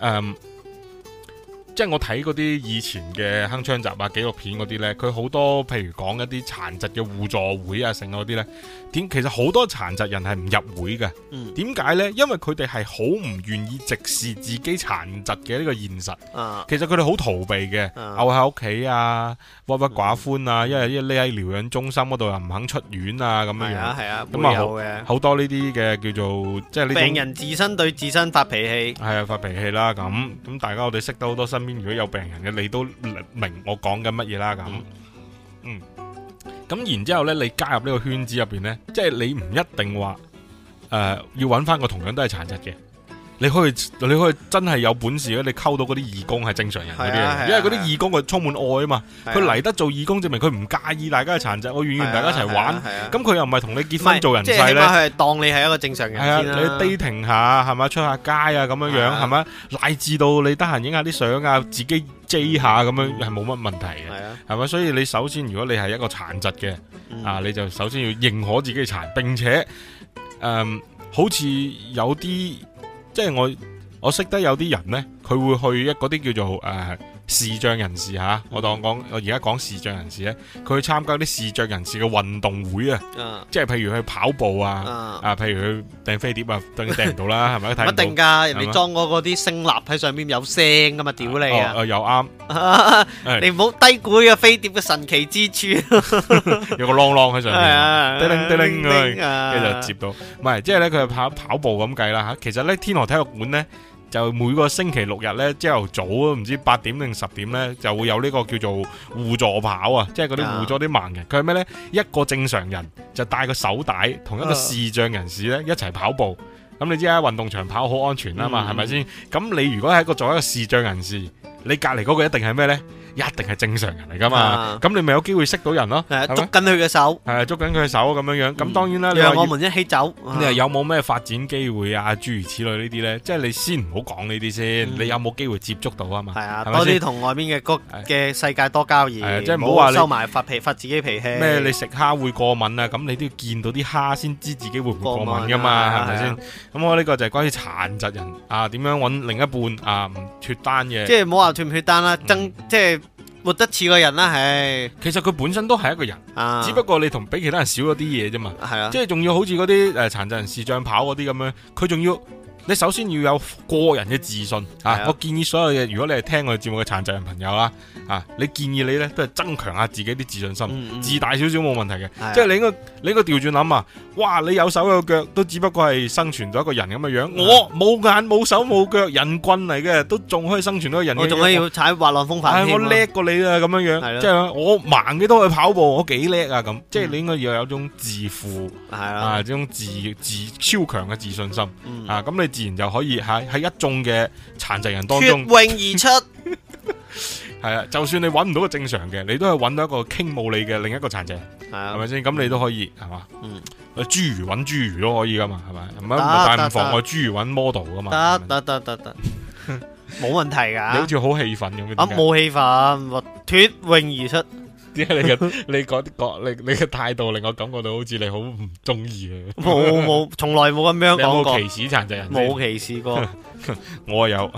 嗯即係我睇嗰啲以前嘅《鏗鏘集》啊、紀錄片嗰啲咧，佢好多譬如講一啲殘疾嘅互助會啊，剩嗰啲咧點其實好多殘疾人係唔入會嘅，點解咧？因為佢哋係好唔願意直視自己殘疾嘅呢個現實。其實佢哋好逃避嘅，踎喺屋企啊，鬱鬱寡歡啊，因為匿喺療養中心嗰度又唔肯出院啊，咁樣啊，啊，咁啊好多呢啲嘅叫做即係呢種病人自身對自身發脾氣，係啊，發脾氣啦咁咁。大家我哋識得好多新。如果有病人嘅，你都明我講緊乜嘢啦咁，嗯，咁、嗯、然之後咧，你加入呢個圈子入邊呢，即係你唔一定話誒、呃、要揾翻個同樣都係殘疾嘅。你可以，你可以真係有本事咧。你溝到嗰啲義工係正常人嗰啲因為嗰啲義工佢充滿愛啊嘛。佢嚟得做義工，證明佢唔介意大家係殘疾，我願意大家一齊玩。咁佢又唔係同你結婚做人際咧，當你係一個正常人你 d a 下係咪？出下街啊，咁樣樣係咪？乃至到你得閒影下啲相啊，自己遮下咁樣係冇乜問題嘅係咪？所以你首先如果你係一個殘疾嘅啊，你就首先要認可自己嘅殘，並且好似有啲。即係我，我識得有啲人呢，佢會去一嗰啲叫做誒。啊視障人士吓，我當我講，我而家講視障人士咧，佢去參加啲視障人士嘅運動會啊，即係譬如去跑步啊，啊，譬如去掟飛碟啊，當然掟唔到啦，係咪、嗯？是是一定噶，人哋裝嗰嗰啲聲納喺上面有聲噶嘛，屌你又啱，你唔好低估個、啊、飛碟嘅神奇之處。哈哈 有個啷啷喺上面，啊、叮鈴叮鈴，跟住、啊、就接到。唔係、啊， 即係咧，佢係跑跑步咁計啦吓。其實咧，天河體育館咧。就每個星期六日咧朝頭早唔知八點定十點呢，就會有呢個叫做互助跑啊，即係嗰啲互助啲盲人。佢係咩呢？一個正常人就帶個手帶同一個視障人士呢，一齊跑步。咁你知啊，運動場跑好安全啦嘛，係咪先？咁你如果喺個作為一個視障人士，你隔籬嗰個一定係咩呢？一定係正常人嚟噶嘛？咁你咪有機會識到人咯。捉緊佢嘅手，係捉緊佢嘅手咁樣樣。咁當然啦，讓我們一起走。你又有冇咩發展機會啊？諸如此類呢啲咧，即係你先唔好講呢啲先。你有冇機會接觸到啊？嘛係啊，多啲同外邊嘅嘅世界多交易，即係唔好話收埋發脾發自己脾氣。咩你食蝦會過敏啊？咁你都要見到啲蝦先知自己會唔會過敏噶嘛？係咪先？咁我呢個就係關於殘疾人啊，點樣揾另一半啊？脱單嘅即係唔好話脱唔脱單啦，增即係。活得似個人啦，係！其實佢本身都係一個人，啊、只不過你同比其他人少咗啲嘢啫嘛。係是啊！即係仲要好似嗰啲誒殘疾人士像跑嗰啲咁樣，佢仲要。你首先要有個人嘅自信啊！是啊，我建議所有嘅，如果你係聽我節目嘅殘疾人朋友啦，啊，你建議你咧都係增強下自己啲自信心，嗯嗯，自大少少冇問題嘅。是啊、即係你應該你應該調轉諗啊！哇，你有手有腳都只不過係生存咗一個人咁嘅樣，我冇眼冇手冇腳，人棍嚟嘅都仲可以生存到個人我、啊我哎，我仲是、啊、可以要踩滑浪風帆，我叻過你啊！咁樣樣，即係我盲嘅都去跑步，我幾叻啊！咁是、啊、即係你應該要有種自負啊，啊，這種自自超強嘅自信心、嗯嗯、啊！咁你。自然就可以嚇喺一眾嘅殘疾人當中脫穎而出，係啊！就算你揾唔到個正常嘅，你都係揾到一個傾慕你嘅另一個殘疾人。係咪先？咁你都可以係嘛？嗯，侏儒揾侏儒都可以噶嘛，係咪？唔好，但唔妨礙侏儒揾 model 噶嘛。得得得得得，冇問題㗎。你好似好氣憤咁，我冇氣憤，脫穎而出。點解 你嘅、你啲個你你嘅態度令我感覺到好似你好唔中意啊？冇冇，從來冇咁樣講過。有冇歧視殘疾人？冇歧視過， 我有。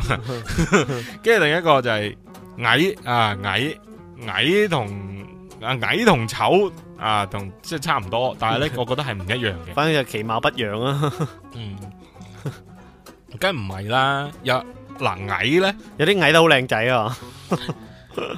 跟住另一個就係矮啊，矮矮同啊矮同醜啊，同即係差唔多，但係咧，我覺得係唔一樣嘅。 反正就其貌不揚啊。 嗯，梗唔係啦。有嗱矮咧，有啲矮都好靚仔啊。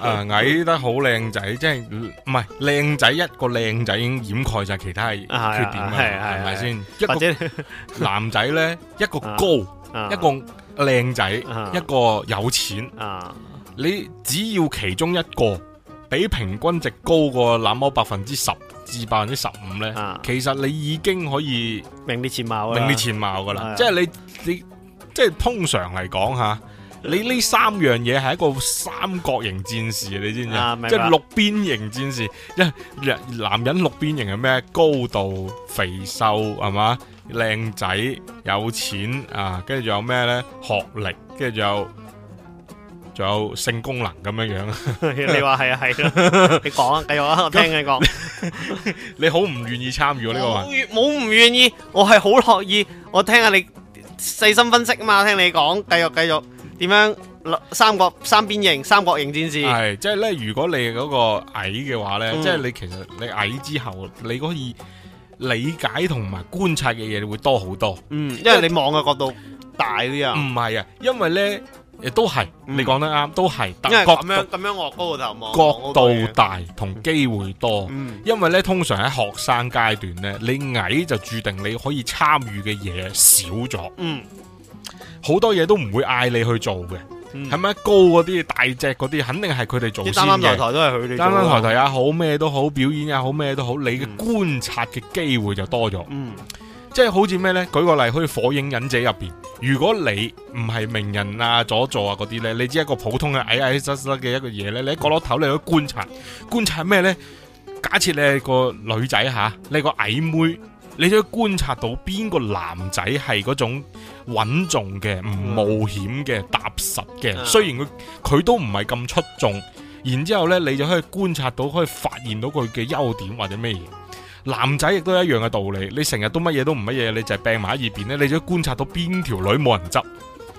啊、 呃、矮得好靚仔，即係唔係靚仔一個靚仔已經掩蓋晒其他嘅缺點，係係咪先？啊啊、一個男仔咧，一個高，啊啊、一個靚仔，啊、一個有錢，啊、你只要其中一個比平均值高過那麼百分之十至百分之十五咧，呢啊、其實你已經可以名列前茅名列前茅噶啦、啊。即係你你即係通常嚟講吓。啊啊啊你呢三樣嘢係一個三角形戰士，你知唔知、啊、即係六邊形戰士，一男人六邊形係咩？高度、肥瘦係嘛？靚仔、有錢啊，跟住仲有咩咧？學歷，跟住仲有仲有性功能咁樣樣 你話係啊，啊，啊， 啊？係咯？你講啊，繼續啊，我聽你講。你好唔願意參與呢個？冇唔願意，我係好樂意。我聽下你細心分析啊嘛。我聽你講，繼續繼續。點樣三角、三邊形、三角形戰士？係即係咧，如果你嗰個矮嘅話咧，即係你其實你矮之後，你可以理解同埋觀察嘅嘢會多好多。嗯，因為你望嘅角度大啲啊。唔係啊，因為咧亦都係，你講得啱，都係角度咁樣，咁樣岳高個頭望角度大同機會多。因為咧，通常喺學生階段咧，你矮就注定你可以參與嘅嘢少咗。嗯。好多嘢都唔會嗌你去做嘅，係咪、嗯、高嗰啲大隻嗰啲，肯定係佢哋做先嘅。啲擔擔台台都係佢哋，擔擔台台也好，咩都好，表演也好，咩都好，你嘅觀察嘅機會就多咗。嗯，即係好似咩咧？舉個例，好似《火影忍者》入邊，如果你唔係名人啊、佐助啊嗰啲咧，你只係一個普通嘅矮矮濕濕嘅一個嘢咧，你喺角落頭你去觀察，觀察咩咧？假設你係個女仔吓，你係個矮妹。你就觀察到邊個男仔係嗰種穩重嘅、唔冒險嘅、踏實嘅，雖然佢佢都唔係咁出眾，然之後呢，你就可以觀察到，可以發現到佢嘅優點或者咩嘢。男仔亦都一樣嘅道理，你成日都乜嘢都唔乜嘢，你就係病埋喺一邊咧。你就觀察到邊條女冇人執。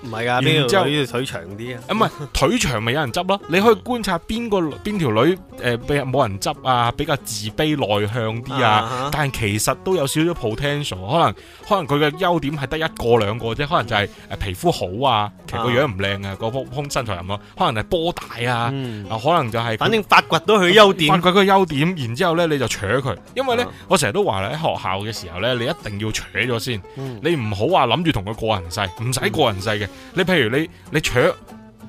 唔係噶，然之後啲腿長啲啊，唔係 腿長咪有人執咯。你可以觀察邊個邊條女誒、呃，比較冇人執啊，比較自卑內向啲啊。Uh huh. 但係其實都有少少 potential，可能可能佢嘅優點係得一個兩個啫。可能就係皮膚好啊，uh huh. 其實個樣唔靚啊，個胸身材唔好，可能係波大啊，uh huh. 可能就係，反正發掘到佢優點，發掘佢優點，然之後咧你就扯佢。因為咧，uh huh. 我成日都話咧喺學校嘅時候咧，你一定要扯咗先，uh huh. 你唔好話諗住同佢過人世，唔使過人世嘅。Uh huh. 你譬如你你娶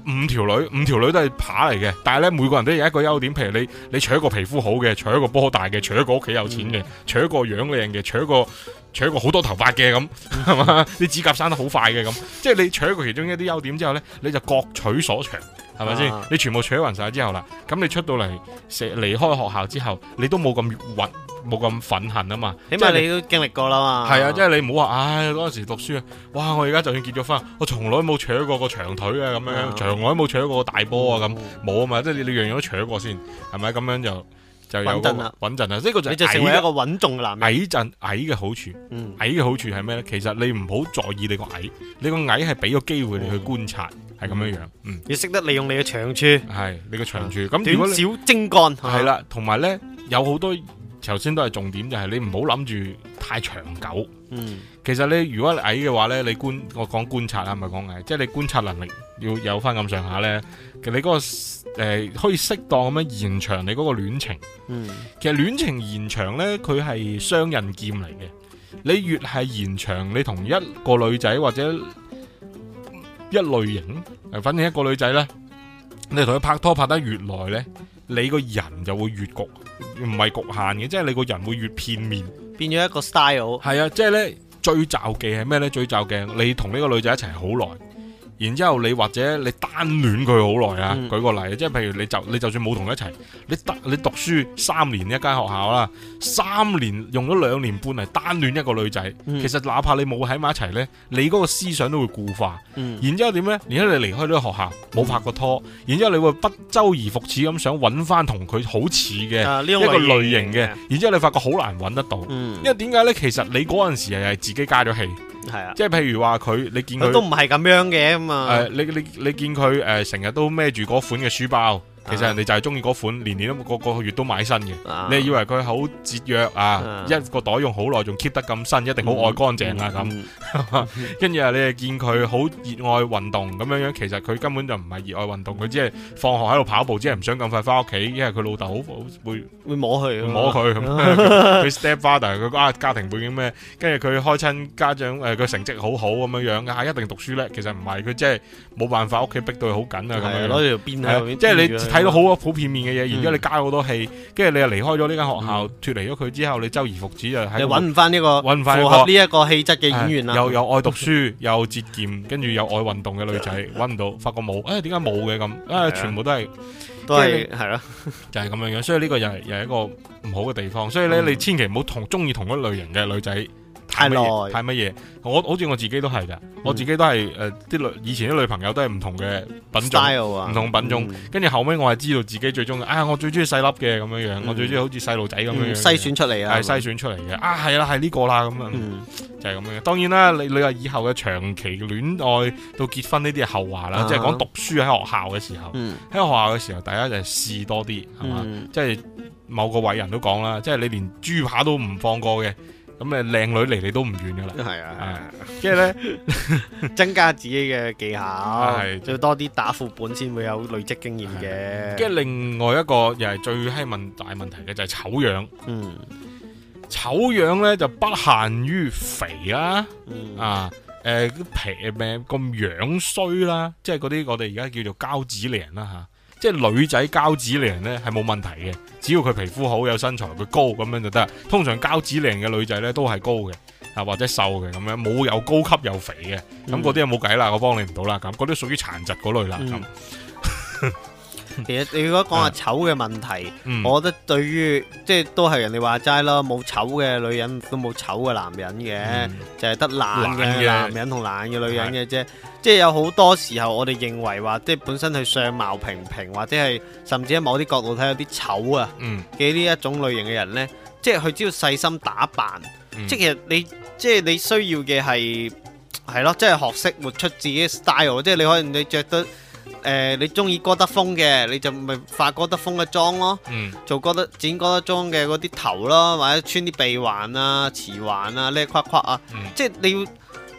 五條女，五條女都係扒嚟嘅，但係咧每個人都有一個優點，譬如你你娶一個皮膚好嘅，娶一個波大嘅，娶一個屋企有錢嘅，娶、嗯、一個樣靚嘅，娶一個娶一個好多頭髮嘅咁，係嘛？嗯、 你指甲生得好快嘅咁，即係你娶一個其中一啲優點之後咧，你就各取所長。係咪先？是是啊、你全部扯勻晒之後啦，咁你出到嚟，成離開學校之後，你都冇咁屈，冇咁憤恨啊嘛。起碼你都經歷過啦嘛。係啊，即係、啊就是、你唔好話，唉、哎，嗰陣時讀書啊，哇！我而家就算結咗婚，我從來都冇扯過個長腿啊，咁樣，從來都冇扯過個大波啊，咁冇啊嘛。即、就、係、是、你樣樣都扯過先，係咪咁樣就？穩陣啦，穩陣啦，呢係個就你就成為一個穩重嘅男人。矮陣矮嘅好處，嗯、矮嘅好處係咩咧？其實你唔好在意你個矮，你個矮係俾個機會你去觀察，係咁樣樣。嗯，你識得利用你嘅長處，係你嘅長處。咁、啊、如果短小精幹係啦，同埋咧有好多頭先都係重點，就係、是、你唔好諗住太長久。嗯，其實你如果你矮嘅話咧，你觀我講觀察啦，唔係講矮，即、就、係、是、你觀察能力要有翻咁上下咧。其實你嗰、那個。誒、呃，可以適當咁樣延長你嗰個戀情。嗯，其實戀情延長呢，佢係雙刃劍嚟嘅。你越係延長，你同一個女仔或者一類型，反正一個女仔呢，你同佢拍拖拍得越耐呢，你個人就會越局，唔係局限嘅，即係你個人會越片面，變咗一個 style。係啊，即係呢，最招忌係咩呢？最招忌，你同呢個女仔一齊好耐。然之後，你或者你單戀佢好耐啊！嗯、舉個例，即係譬如你就你就算冇同佢一齊，你讀你讀書三年一間學校啦，三年用咗兩年半嚟單戀一個女仔，嗯、其實哪怕你冇喺埋一齊呢，你嗰個思想都會固化。嗯、然之後點呢？然之後你離開呢個學校冇、嗯、拍過拖，然之後你會不周而復始咁想揾翻同佢好似嘅一個類型嘅，然之後你發覺好難揾得到，嗯、因為點解呢？其實你嗰陣時係自己加咗戲。係啊，即係譬如話佢，你見佢都唔係咁樣嘅嘛。誒、呃，你你你見佢誒，成、呃、日都孭住嗰款嘅書包。其實人哋就係中意嗰款，年年都個個月都買新嘅。你係以為佢好節約啊？一個袋用好耐，仲 keep 得咁新，一定好愛乾淨啊。咁。跟住你係見佢好熱愛運動咁樣樣，其實佢根本就唔係熱愛運動，佢只係放學喺度跑步，只係唔想咁快翻屋企，因為佢老豆好會會摸佢，摸佢佢 stepfather，佢家庭背景咩？跟住佢開親家長誒，個成績好好咁樣樣嘅一定讀書咧。其實唔係，佢即係冇辦法，屋企逼到佢好緊啊咁樣，攞條鞭喺度。即係你。睇到好普遍面嘅嘢，然之後你加好多戲，跟住你又離開咗呢間學校，脫離咗佢之後，你周而復始又喺，你揾唔翻呢個，個符合呢一個氣質嘅演員啦。又、呃、有，有愛讀書，又節儉，跟住又愛運動嘅女仔揾唔到，發覺冇，誒點解冇嘅咁？誒、哎、全部都係、啊、都係係咯，啊、就係咁樣樣，所以呢個又係又係一個唔好嘅地方。所以咧，嗯、你千祈唔好同中意同一類型嘅女仔。太耐，太乜嘢？我好似我自己都係噶我自己都係，誒，啲女以前啲女朋友都係唔同嘅品種，唔同品種。跟住後尾我係知道自己最終，哎呀，我最中意細粒嘅咁樣樣，我最中意好似細路仔咁樣樣。篩選出嚟啊，係篩選出嚟嘅。啊，係啦，係呢個啦咁樣，就係咁樣。當然啦，你你話以後嘅長期戀愛到結婚呢啲係後話啦，即係講讀書喺學校嘅時候，喺學校嘅時候大家就係試多啲，係嘛？即係某個偉人都講啦，即係你連豬扒都唔放過嘅。咁誒，靚女嚟你都唔遠噶啦，係啊。跟住咧增加自己嘅技巧，做、啊啊、多啲打副本先會有累積經驗嘅。跟住另外一個又係最閪問大問題嘅就係、是、醜樣，嗯，醜樣咧就不限於肥啊，嗯、啊，誒、呃，皮咩咁樣衰啦、啊，即係嗰啲我哋而家叫做膠子靚啦嚇。即係女仔膠子靚咧係冇問題嘅，只要佢皮膚好有身材，佢高咁樣就得。通常膠子靚嘅女仔咧都係高嘅，啊或者瘦嘅咁樣，冇有高級又肥嘅，咁嗰啲啊冇計啦，我幫你唔到啦，咁嗰啲屬於殘疾嗰類啦，咁、嗯。那 其實、 嗯、你如果講下醜嘅問題，嗯、我覺得對於即係都係人哋話齋咯，冇醜嘅女人都冇醜嘅男人嘅，嗯、就係得懶嘅男人同懶嘅女人嘅啫。是的 即係有好多時候，我哋認為話即係本身佢相貌平平，或者係甚至喺某啲角度睇有啲醜啊嘅呢一種類型嘅人呢，嗯、即係佢只要細心打扮，嗯、即係其實你即係你需要嘅係係咯，即係學識活出自己 style，即係你可以你着得。誒、呃，你中意歌德風嘅，你就咪化歌德風嘅妝咯，嗯、做歌德剪歌德裝，嘅啲頭咯，或者穿啲鼻環啊、臍環啊、呢一框框啊，嗯、即係你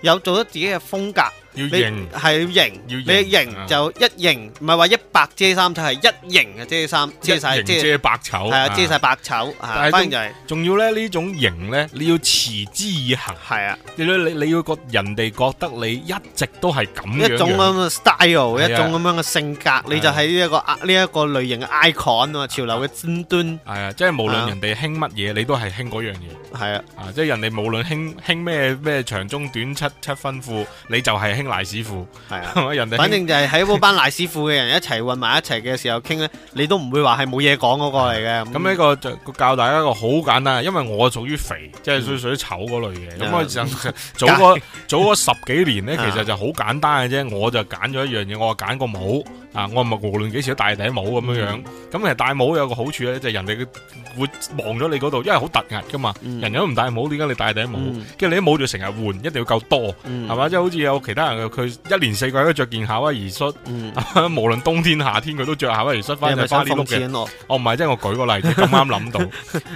要有做得自己嘅風格。要型，係要型，要型就一型，唔係話一百遮衫就係一型嘅遮衫，遮晒遮白醜，係啊，遮晒白醜，反正就係仲要咧呢種型咧，你要持之以恆，係啊，你你你要覺人哋覺得你一直都係咁樣，一種咁樣 style，一種咁樣嘅性格，你就係呢一個呢一個類型嘅 icon 啊，潮流嘅尖端，係啊，即係無論人哋興乜嘢，你都係興嗰樣嘢，係啊，啊，即係人哋無論興興咩咩長中短七七分褲，你就係興。賴師傅係啊，人哋反正就係喺嗰班賴師傅嘅人一齊混埋一齊嘅時候傾咧， 你都唔會話係冇嘢講嗰個嚟嘅。咁呢、啊嗯這個就、這個、教大家一個好簡單，因為我屬於肥，即係最屬於醜嗰類嘅。咁、嗯、我就早個早十幾年咧，其實就好簡單嘅啫。 我就揀咗一樣嘢，我揀個帽。啊！我唔係無論幾時都戴頂帽咁樣樣，咁其實戴帽有個好處咧，就係人哋會望咗你嗰度，因為好突兀㗎嘛。人哋都唔戴帽，點解你戴頂帽？跟住你啲帽就成日換，一定要夠多，係嘛？即係好似有其他人佢一年四季都着件夏威夷恤，無論冬天夏天佢都着夏威夷恤，翻就翻呢碌。我唔係，即係我舉個例子咁啱諗到。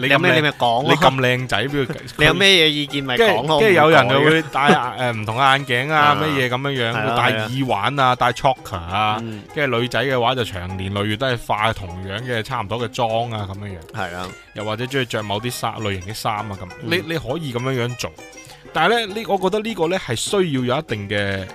你有咩？你咪講。你咁靚仔，邊個？你有咩嘢意見咪講咯？跟住有人就會戴誒唔同嘅眼鏡啊，乜嘢咁樣樣？會戴耳環啊，戴 choker 啊，女仔嘅話就長年累月都係化同樣嘅差唔多嘅妝啊咁樣樣，係啦，又或者中意着某啲衫類型嘅衫啊咁，嗯、你你可以咁樣樣做，但係咧呢，我覺得呢個咧係需要有一定嘅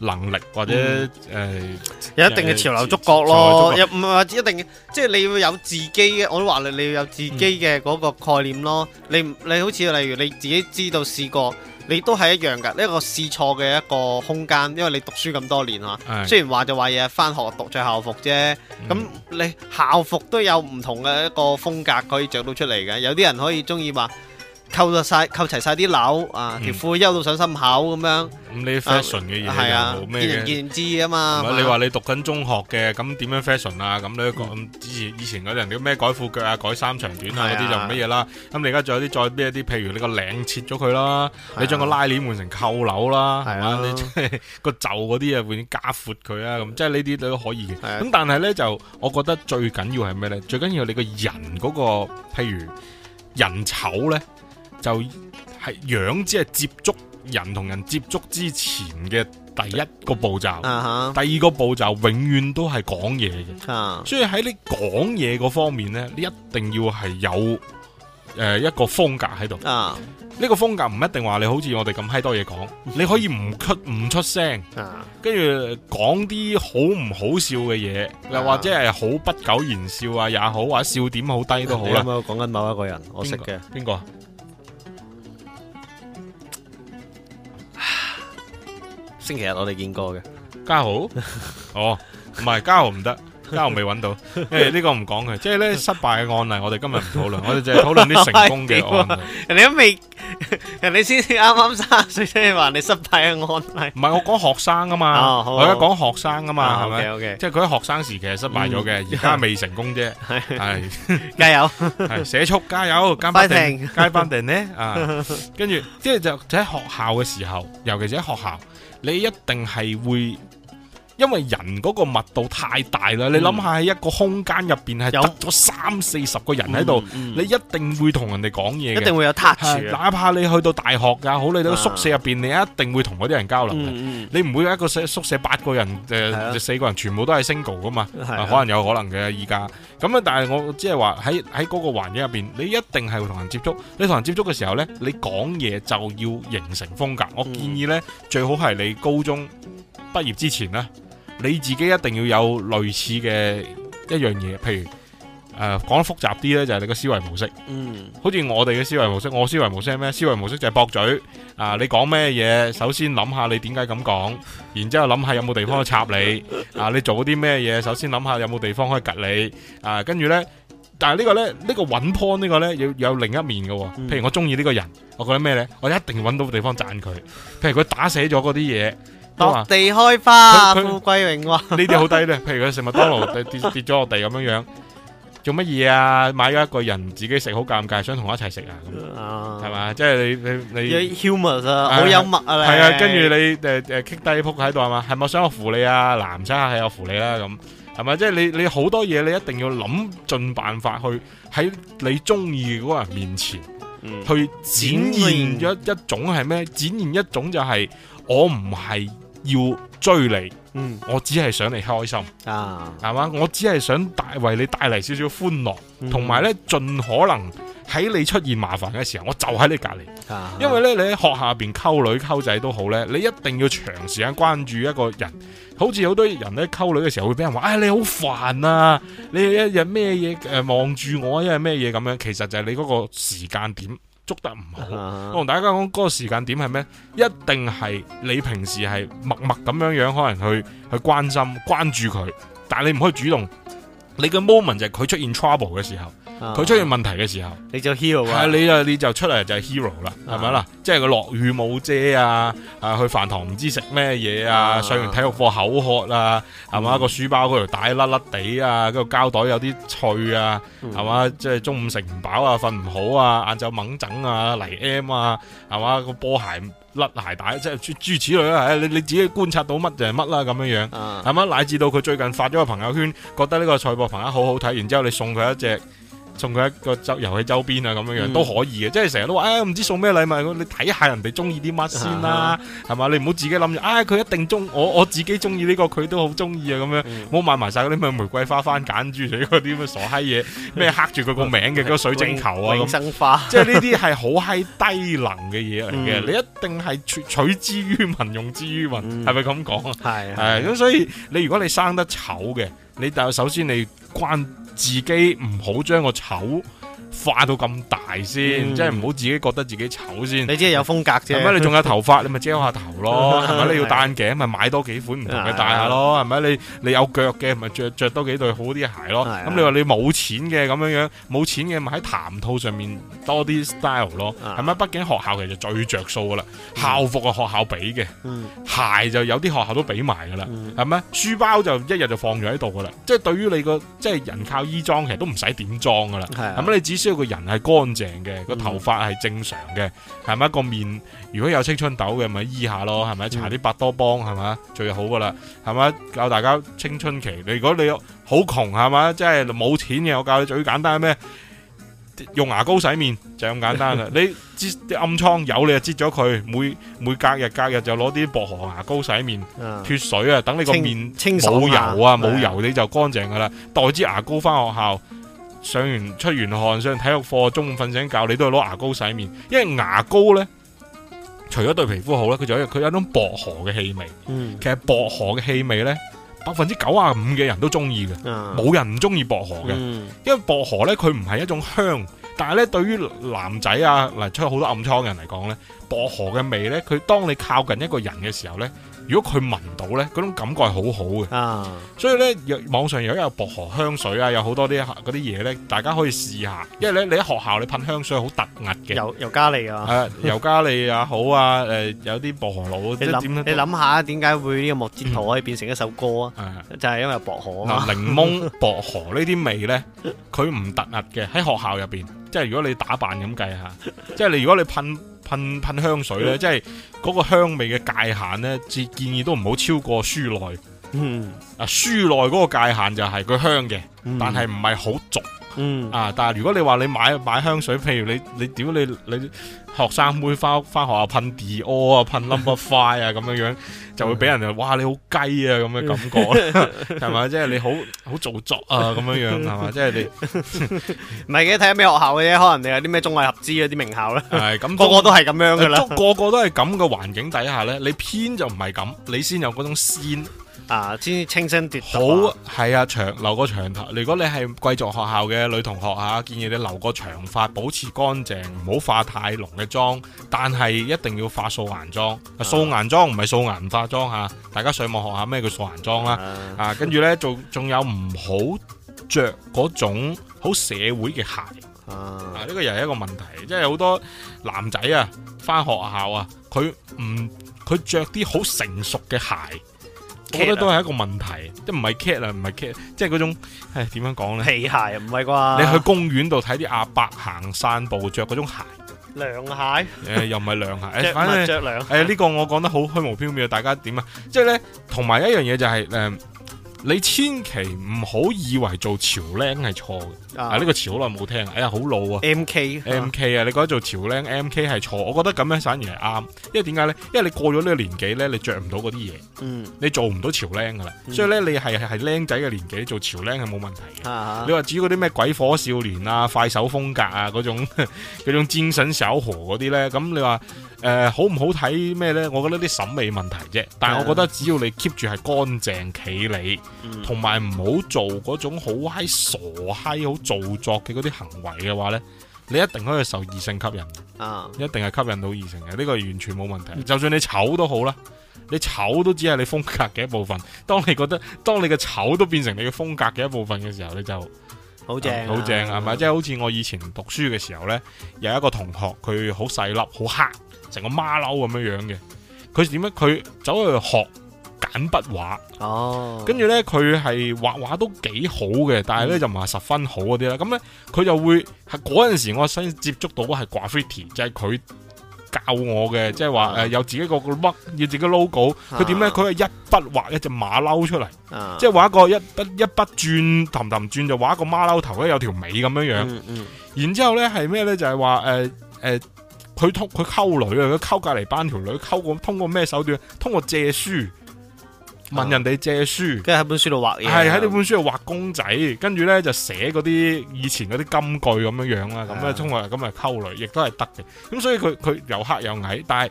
能力或者誒，嗯呃、有一定嘅潮流觸覺咯，又唔係話一定嘅，即係你要有自己嘅，我都話你你要有自己嘅嗰個概念咯，嗯、你你好似例如你自己知道試過。你都係一樣㗎，呢個試錯嘅一個空間，因為你讀書咁多年啊，的雖然話就話嘢返學讀着校服啫，咁、嗯、你校服都有唔同嘅一個風格可以着到出嚟嘅，有啲人可以中意話。扣到晒，扣齊晒啲鈕啊！條褲休到上心口咁樣。咁啲 fashion 嘅嘢係啊，見仁見智啊嘛。唔係你話你讀緊中學嘅，咁點樣 fashion 啊？咁咧，個以前以前嗰啲人，你咩改褲腳啊，改衫長短啊，嗰啲就乜嘢啦。咁你而家仲有啲再咩啲？譬如你個領切咗佢啦，你將個拉鏈換成扣鈕啦，係啊，你即係個袖嗰啲啊，換加闊佢啊，咁即係呢啲都可以嘅。咁但係咧，就我覺得最緊要係咩咧？最緊要你個人嗰個，譬如人醜咧。就係樣，即係接觸人同人接觸之前嘅第一個步驟，啊、哈第二個步驟永遠都係講嘢嘅，啊、所以喺你講嘢嗰方面呢，你一定要係有誒一個風格喺度。啊，呢個風格唔一定話你好似我哋咁閪多嘢講，嗯、你可以唔出唔出聲，跟住講啲好唔好笑嘅嘢，又、啊、或者係好不苟言笑啊，也好或者笑點好低都好啦、啊。講緊某一個人，我識嘅邊個？星期日我哋見過嘅嘉豪，哦，唔係嘉豪唔得，嘉豪未揾到，誒呢個唔講佢，即係咧失敗嘅案例，我哋今日唔討論，我哋淨係討論啲成功嘅案例。人哋都未，人哋先啱啱三十歲，先至話你失敗嘅案例。唔係我講學生啊嘛，我而家講學生啊嘛，係咪？O K O K，即係佢喺學生時期係失敗咗嘅，而家未成功啫。係，係，加油，係寫速加油，加班定加班定咧啊！跟住即係就就喺學校嘅時候，尤其係喺學校。你一定係會。因為人嗰個密度太大啦，你諗下喺一個空間入邊係有咗三四十個人喺度，你一定會同人哋講嘢，一定會有 touch。哪怕你去到大學噶，好你到宿舍入邊，你一定會同嗰啲人交流。你唔會有一個宿舍八個人誒四個人全部都係 single 噶嘛？可能有可能嘅依家。咁啊，但係我即係話喺喺嗰個環境入邊，你一定係會同人接觸。你同人接觸嘅時候呢，你講嘢就要形成風格。我建議呢，最好係你高中畢業之前呢。你自己一定要有類似嘅一樣嘢，譬如誒、呃、講得複雜啲咧，就係、是、你個思維模式。嗯，好似我哋嘅思維模式，我思維模式係咩？思維模式就係駁嘴啊、呃！你講咩嘢，首先諗下你點解咁講，然之後諗下有冇地方去插你啊！你做啲咩嘢，首先諗下有冇地方可以及你啊！跟住咧，但係呢、這個咧，呢個揾 point 呢個咧，要有另一面嘅、哦。嗯、譬如我中意呢個人，我覺得咩咧？我一定揾到地方讚佢。譬如佢打死咗嗰啲嘢。落地開花，富貴榮華。呢啲、啊、好低咧， 譬如佢食麥當勞跌跌咗落地咁樣樣，做乜嘢啊？買咗一個人自己食好尷尬，想同我一齊食啊？係嘛、啊？即係你你你 humorous 啊，好幽默啊！係啊，啊，跟你啊啊住你誒誒，keep 低鋪喺度啊嘛？係咪想我扶你啊？男仔係我扶你啦、啊，咁係咪？即係你你好多嘢，你一定要諗盡辦法去喺你中意嗰個人面前，去、嗯嗯、展現咗、嗯、展現一種係咩？展現一種就係我唔係。要追你，嗯、我只係想你開心啊，係嘛？我只係想帶為你帶嚟少少歡樂，同埋、嗯、呢，盡可能喺你出現麻煩嘅時候，我就喺你隔籬，啊、因為呢，你喺學校入邊溝女溝仔都好呢，你一定要長時間關注一個人，好似好多人呢溝女嘅時候會俾人話，唉、哎、你好煩啊，你一日咩嘢誒望住我，一日咩嘢咁樣，其實就係你嗰個時間點。捉得唔好，uh huh。我同大家講嗰個時間點係咩？一定係你平時係默默咁樣樣，可能去去關心關注佢，但係你唔可以主動。你嘅 moment 就係佢出現 trouble 嘅時候。佢、啊、出現問題嘅時候，你，你就 hero 啊？你啊，你就出嚟就係 hero 啦，係咪啦？即係佢落雨冇遮啊，啊去飯堂唔知食咩嘢啊，啊上完體育課口渴啊，係嘛、嗯？個書包嗰條帶甩甩地啊，嗰個膠袋有啲脆啊，係嘛、嗯？即係中午食唔飽啊，瞓唔好啊，晏晝猛整啊，嚟 M 啊，係嘛？個波鞋甩鞋帶，即係諸如此類啦。你你自己觀察到乜就係乜啦，咁樣樣係嘛？啊、乃至到佢最近發咗個朋友圈，覺得呢個賽博朋友好好睇，然之後你送佢一隻。送佢一個周，遊戲周邊啊，咁樣樣都可以嘅，即係成日都話，唉，唔知送咩禮物，你睇下人哋中意啲乜先啦，係嘛？你唔好自己諗住，唉，佢一定中，我我自己中意呢個，佢都好中意啊，咁樣，唔好買埋晒嗰啲咩玫瑰花、番梘珠嗰啲咁傻閪嘢，咩刻住佢個名嘅嗰水晶球啊，永生花，即係呢啲係好閪低能嘅嘢嚟嘅，你一定係取之於民，用之於民，係咪咁講啊？係，咁，所以你如果你生得醜嘅，你就首先你關。自己唔好將個醜。化到咁大先，即係唔好自己覺得自己醜先。你只係有風格啫。係咪你仲有頭髮，你咪遮下頭咯。係咪你要戴眼鏡？咪買多幾款唔同嘅戴下咯。係咪你你有腳嘅？咪着着多幾對好啲鞋咯。咁你話你冇錢嘅咁樣樣冇錢嘅咪喺談吐上面多啲 style 咯。係咪？畢竟學校其實最着數噶啦，校服個學校俾嘅，鞋就有啲學校都俾埋噶啦。係咪？書包就一日就放咗喺度噶啦。即係對於你個即係人靠衣裝其實都唔使點裝噶啦。係咪？你只需即要個人係乾淨嘅，個頭髮係正常嘅，係咪、嗯？個面如果有青春痘嘅，咪醫下咯，係咪？搽啲百多邦，係咪？最好噶啦，係咪？教大家青春期。如果你好窮，係咪？即係冇錢嘅，我教你最簡單咩？用牙膏洗面就咁簡單噶。 你啲暗瘡有，你就擠咗佢。每每隔日隔日就攞啲薄荷牙膏洗面，脱、嗯、水啊，等你個面冇油啊，冇油、啊、的油你就乾淨噶啦。帶支牙膏返學校。上完出完汗上完體育課中午瞓醒覺，你都要攞牙膏洗面，因為牙膏呢，除咗對皮膚好呢，佢仲有佢有一種薄荷嘅氣味。嗯、其實薄荷嘅氣味呢，百分之九啊五嘅人都中意嘅，冇、啊、人唔中意薄荷嘅。嗯、因為薄荷呢，佢唔係一種香，但係呢，對於男仔啊，嗱，出好多暗瘡嘅人嚟講呢，薄荷嘅味呢，佢當你靠近一個人嘅時候呢。如果佢聞到咧，嗰種感覺係好好嘅。啊，所以咧，網上又有，有薄荷香水啊，有好多啲啲嘢咧，大家可以試下。因為咧，你喺學校你噴香水好突兀嘅。尤油，油加利啊。尤、啊、加利又、啊、好啊。誒、呃，有啲薄荷佬，你諗想？你諗下點解會呢個木質調可以變成一首歌啊？嗯、就係因為薄荷、啊。嗱、啊，檸檬薄荷呢啲味咧，佢唔突兀嘅。喺學校入邊，即係如果你打扮咁計下， 即係你如果你噴。噴噴香水咧，即係嗰個香味嘅界限咧，建議都唔好超過書內。嗯，啊，書內嗰個界限就係佢香嘅，嗯、但係唔係好俗。嗯啊，但係如果你話你買買香水，譬如你你屌你你，你，你學生妹翻屋，翻學校噴 Dior 啊，噴 Number Five 啊咁樣樣， 就會俾人哋 哇你好雞啊咁嘅感覺，係咪？ 即、就、係、係、你好好做作啊咁樣樣，係咪？ 即係你唔係嘅，睇下咩學校嘅啫，可能你有啲咩中外合資嗰啲名校咧，係咁、哎，個個都係咁樣噶啦、啊，個個都係咁嘅環境底下咧，你偏就唔係咁，你先有嗰種先。啊！先清新脫、啊、好係啊，長留個長頭。如果你係貴族學校嘅女同學吓，建議你留個長髮，保持乾淨，唔好化太濃嘅妝。但係一定要化素顏妝。啊、素顏妝唔係素顏唔化妝吓，大家上網學下咩叫素顏妝啦。啊，啊，跟住呢，仲仲有唔好着嗰種好社會嘅鞋。啊、呢、啊這個又係一個問題，即係好多男仔啊，翻學校啊，佢唔佢着啲好成熟嘅鞋。Cat 我覺得都係一個問題，即唔係 cat 啊，唔係 cat，即係嗰種，唉，點樣講咧？皮鞋唔係啩？你去公園度睇啲阿伯行散步着嗰種鞋，涼鞋蟹？誒、呃，又唔係涼鞋， 涼反乜着涼？誒、呃，呢、這個我講得好虛無縹緲，大家點啊？即係咧，同埋一樣嘢就係、是、誒。呃你千祈唔好以為做潮僆係錯嘅，啊呢、啊呢個詞好耐冇聽哎呀好老啊！MK 啊 MK 啊，你覺得做潮僆 MK 係錯？我覺得咁樣反而係啱，因為點解咧？因為你過咗呢個年紀咧，你着唔到嗰啲嘢，嗯，你做唔到潮僆噶啦，嗯、所以咧你係係僆仔嘅年紀，年紀做潮僆係冇問題嘅。啊、你話至於嗰啲咩鬼火少年啊、快手風格啊嗰種嗰種戰 神小河嗰啲咧，咁你話？誒、呃，好唔好睇咩呢？我覺得啲審美問題啫。但係我覺得只要你 keep 住係乾淨企理，同埋唔好做嗰種好閪傻閪、好做作嘅嗰啲行為嘅話呢，你一定可以受異性吸引。啊、一定係吸引到異性嘅，呢、呢個完全冇問題。嗯、就算你醜都好啦，你醜都只係你風格嘅一部分。當你覺得當你嘅醜都變成你嘅風格嘅一部分嘅時候，你就好正好正係咪？即係好似我以前讀書嘅時候呢，有一個同學佢好細粒，好黑。成個馬騮咁樣樣嘅，佢點咧？佢走去學簡筆畫，哦、oh.，跟住咧佢係畫畫都幾好嘅，但係咧、嗯、就唔係十分好嗰啲啦。咁咧佢就會係嗰陣時我先接觸到係 graphic 就係佢教我嘅，即係話誒，有自己個個 logo 要自己 logo。佢點咧？佢係一筆畫一隻馬騮出嚟，即係畫一個一筆一筆轉氹氹轉就畫一個馬騮頭咧，有條尾咁樣樣。嗯嗯、然之後咧係咩咧？就係話誒誒。呃呃呃呃佢通佢溝女啊！佢溝隔籬班條女，溝過通過咩手段？通過借書，問人哋借書，跟住喺本書度畫嘢，係喺呢本書度畫公仔，跟住咧就寫嗰啲以前嗰啲金句咁樣樣啦，咁啊，通過，咁啊溝女，亦都係得嘅。咁所以佢佢又黑又矮，但係係、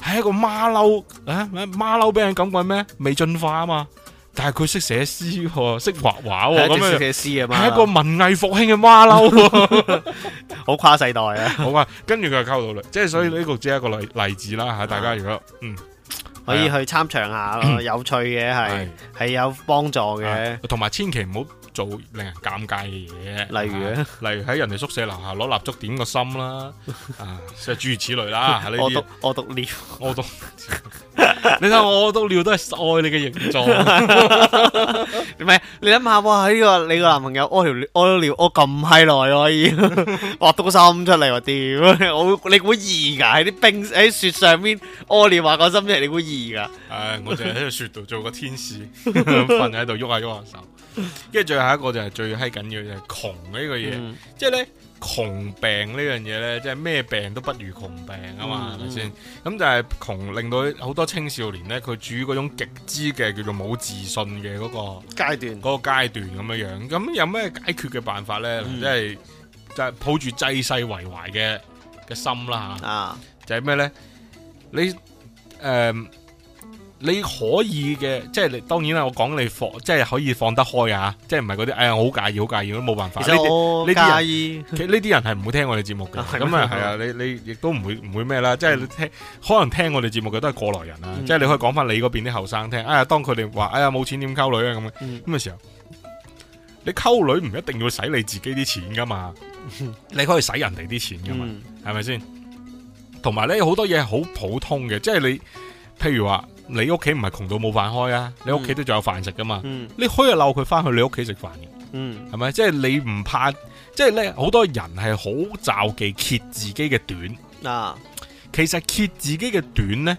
哎、一個馬騮啊！馬騮俾人感覺咩？未進化啊嘛！但係佢識寫詩，識畫畫，識寫詩啊嘛，係一個文藝復興嘅馬騮，好跨世代啊！好啊，跟住佢就溝到啦，即係所以呢個只係一個例例子啦吓，大家如果嗯可以去參詳下咯，有趣嘅係係有幫助嘅，同埋千祈唔好。做令人尷尬嘅嘢，例如咧，例如喺人哋宿舍樓下攞蠟燭點個心啦，啊，即係諸如此類啦。我讀我讀尿，我讀，你睇我讀尿都係愛你嘅形狀，唔係你諗下，哇！呢個你個男朋友屙尿，屙尿屙咁嗨耐可以畫個心出嚟，哇！屌，我你會意噶？喺啲冰喺雪上面屙尿畫個心出嚟，你會意噶？係，我就喺度雪度做個天使，瞓喺度喐下喐下手。跟住 最後一個就係最閪緊要就係窮呢個嘢，即係咧窮病呢樣嘢咧，即係咩病都不如窮病啊嘛，係咪先？咁、嗯、就係窮令到好多青少年咧，佢處於嗰種極之嘅叫做冇自信嘅嗰、那個階階段，嗰個階段咁樣樣。咁有咩解決嘅辦法咧？即係、嗯、就係抱住濟世為懷嘅嘅心啦吓，啊、就係咩咧？你誒。呃你可以嘅，即係你當然啦。我講你放，即係可以放得開啊！即係唔係嗰啲，哎呀，好介意，好介意，都冇辦法。其實呢啲人，其實呢啲人係唔會聽我哋節目嘅。咁啊，係啊，你你亦都唔會唔會咩啦？即係你聽，可能聽我哋節目嘅都係過來人啊。即係你可以講翻你嗰邊啲後生聽。哎呀，當佢哋話，哎呀，冇錢點溝女啊咁嘅咁嘅時候，你溝女唔一定要使你自己啲錢噶嘛？你可以使人哋啲錢噶嘛？係咪先？同埋咧，好多嘢好普通嘅，即係你，譬如話。你屋企唔係窮到冇飯開啊！你屋企都仲有飯食噶嘛？嗯嗯、你開日摟佢翻去你屋企食飯嘅，係咪、嗯？即係你唔怕，即係咧，好、嗯、多人係好就忌揭自己嘅短啊！其實揭自己嘅短咧，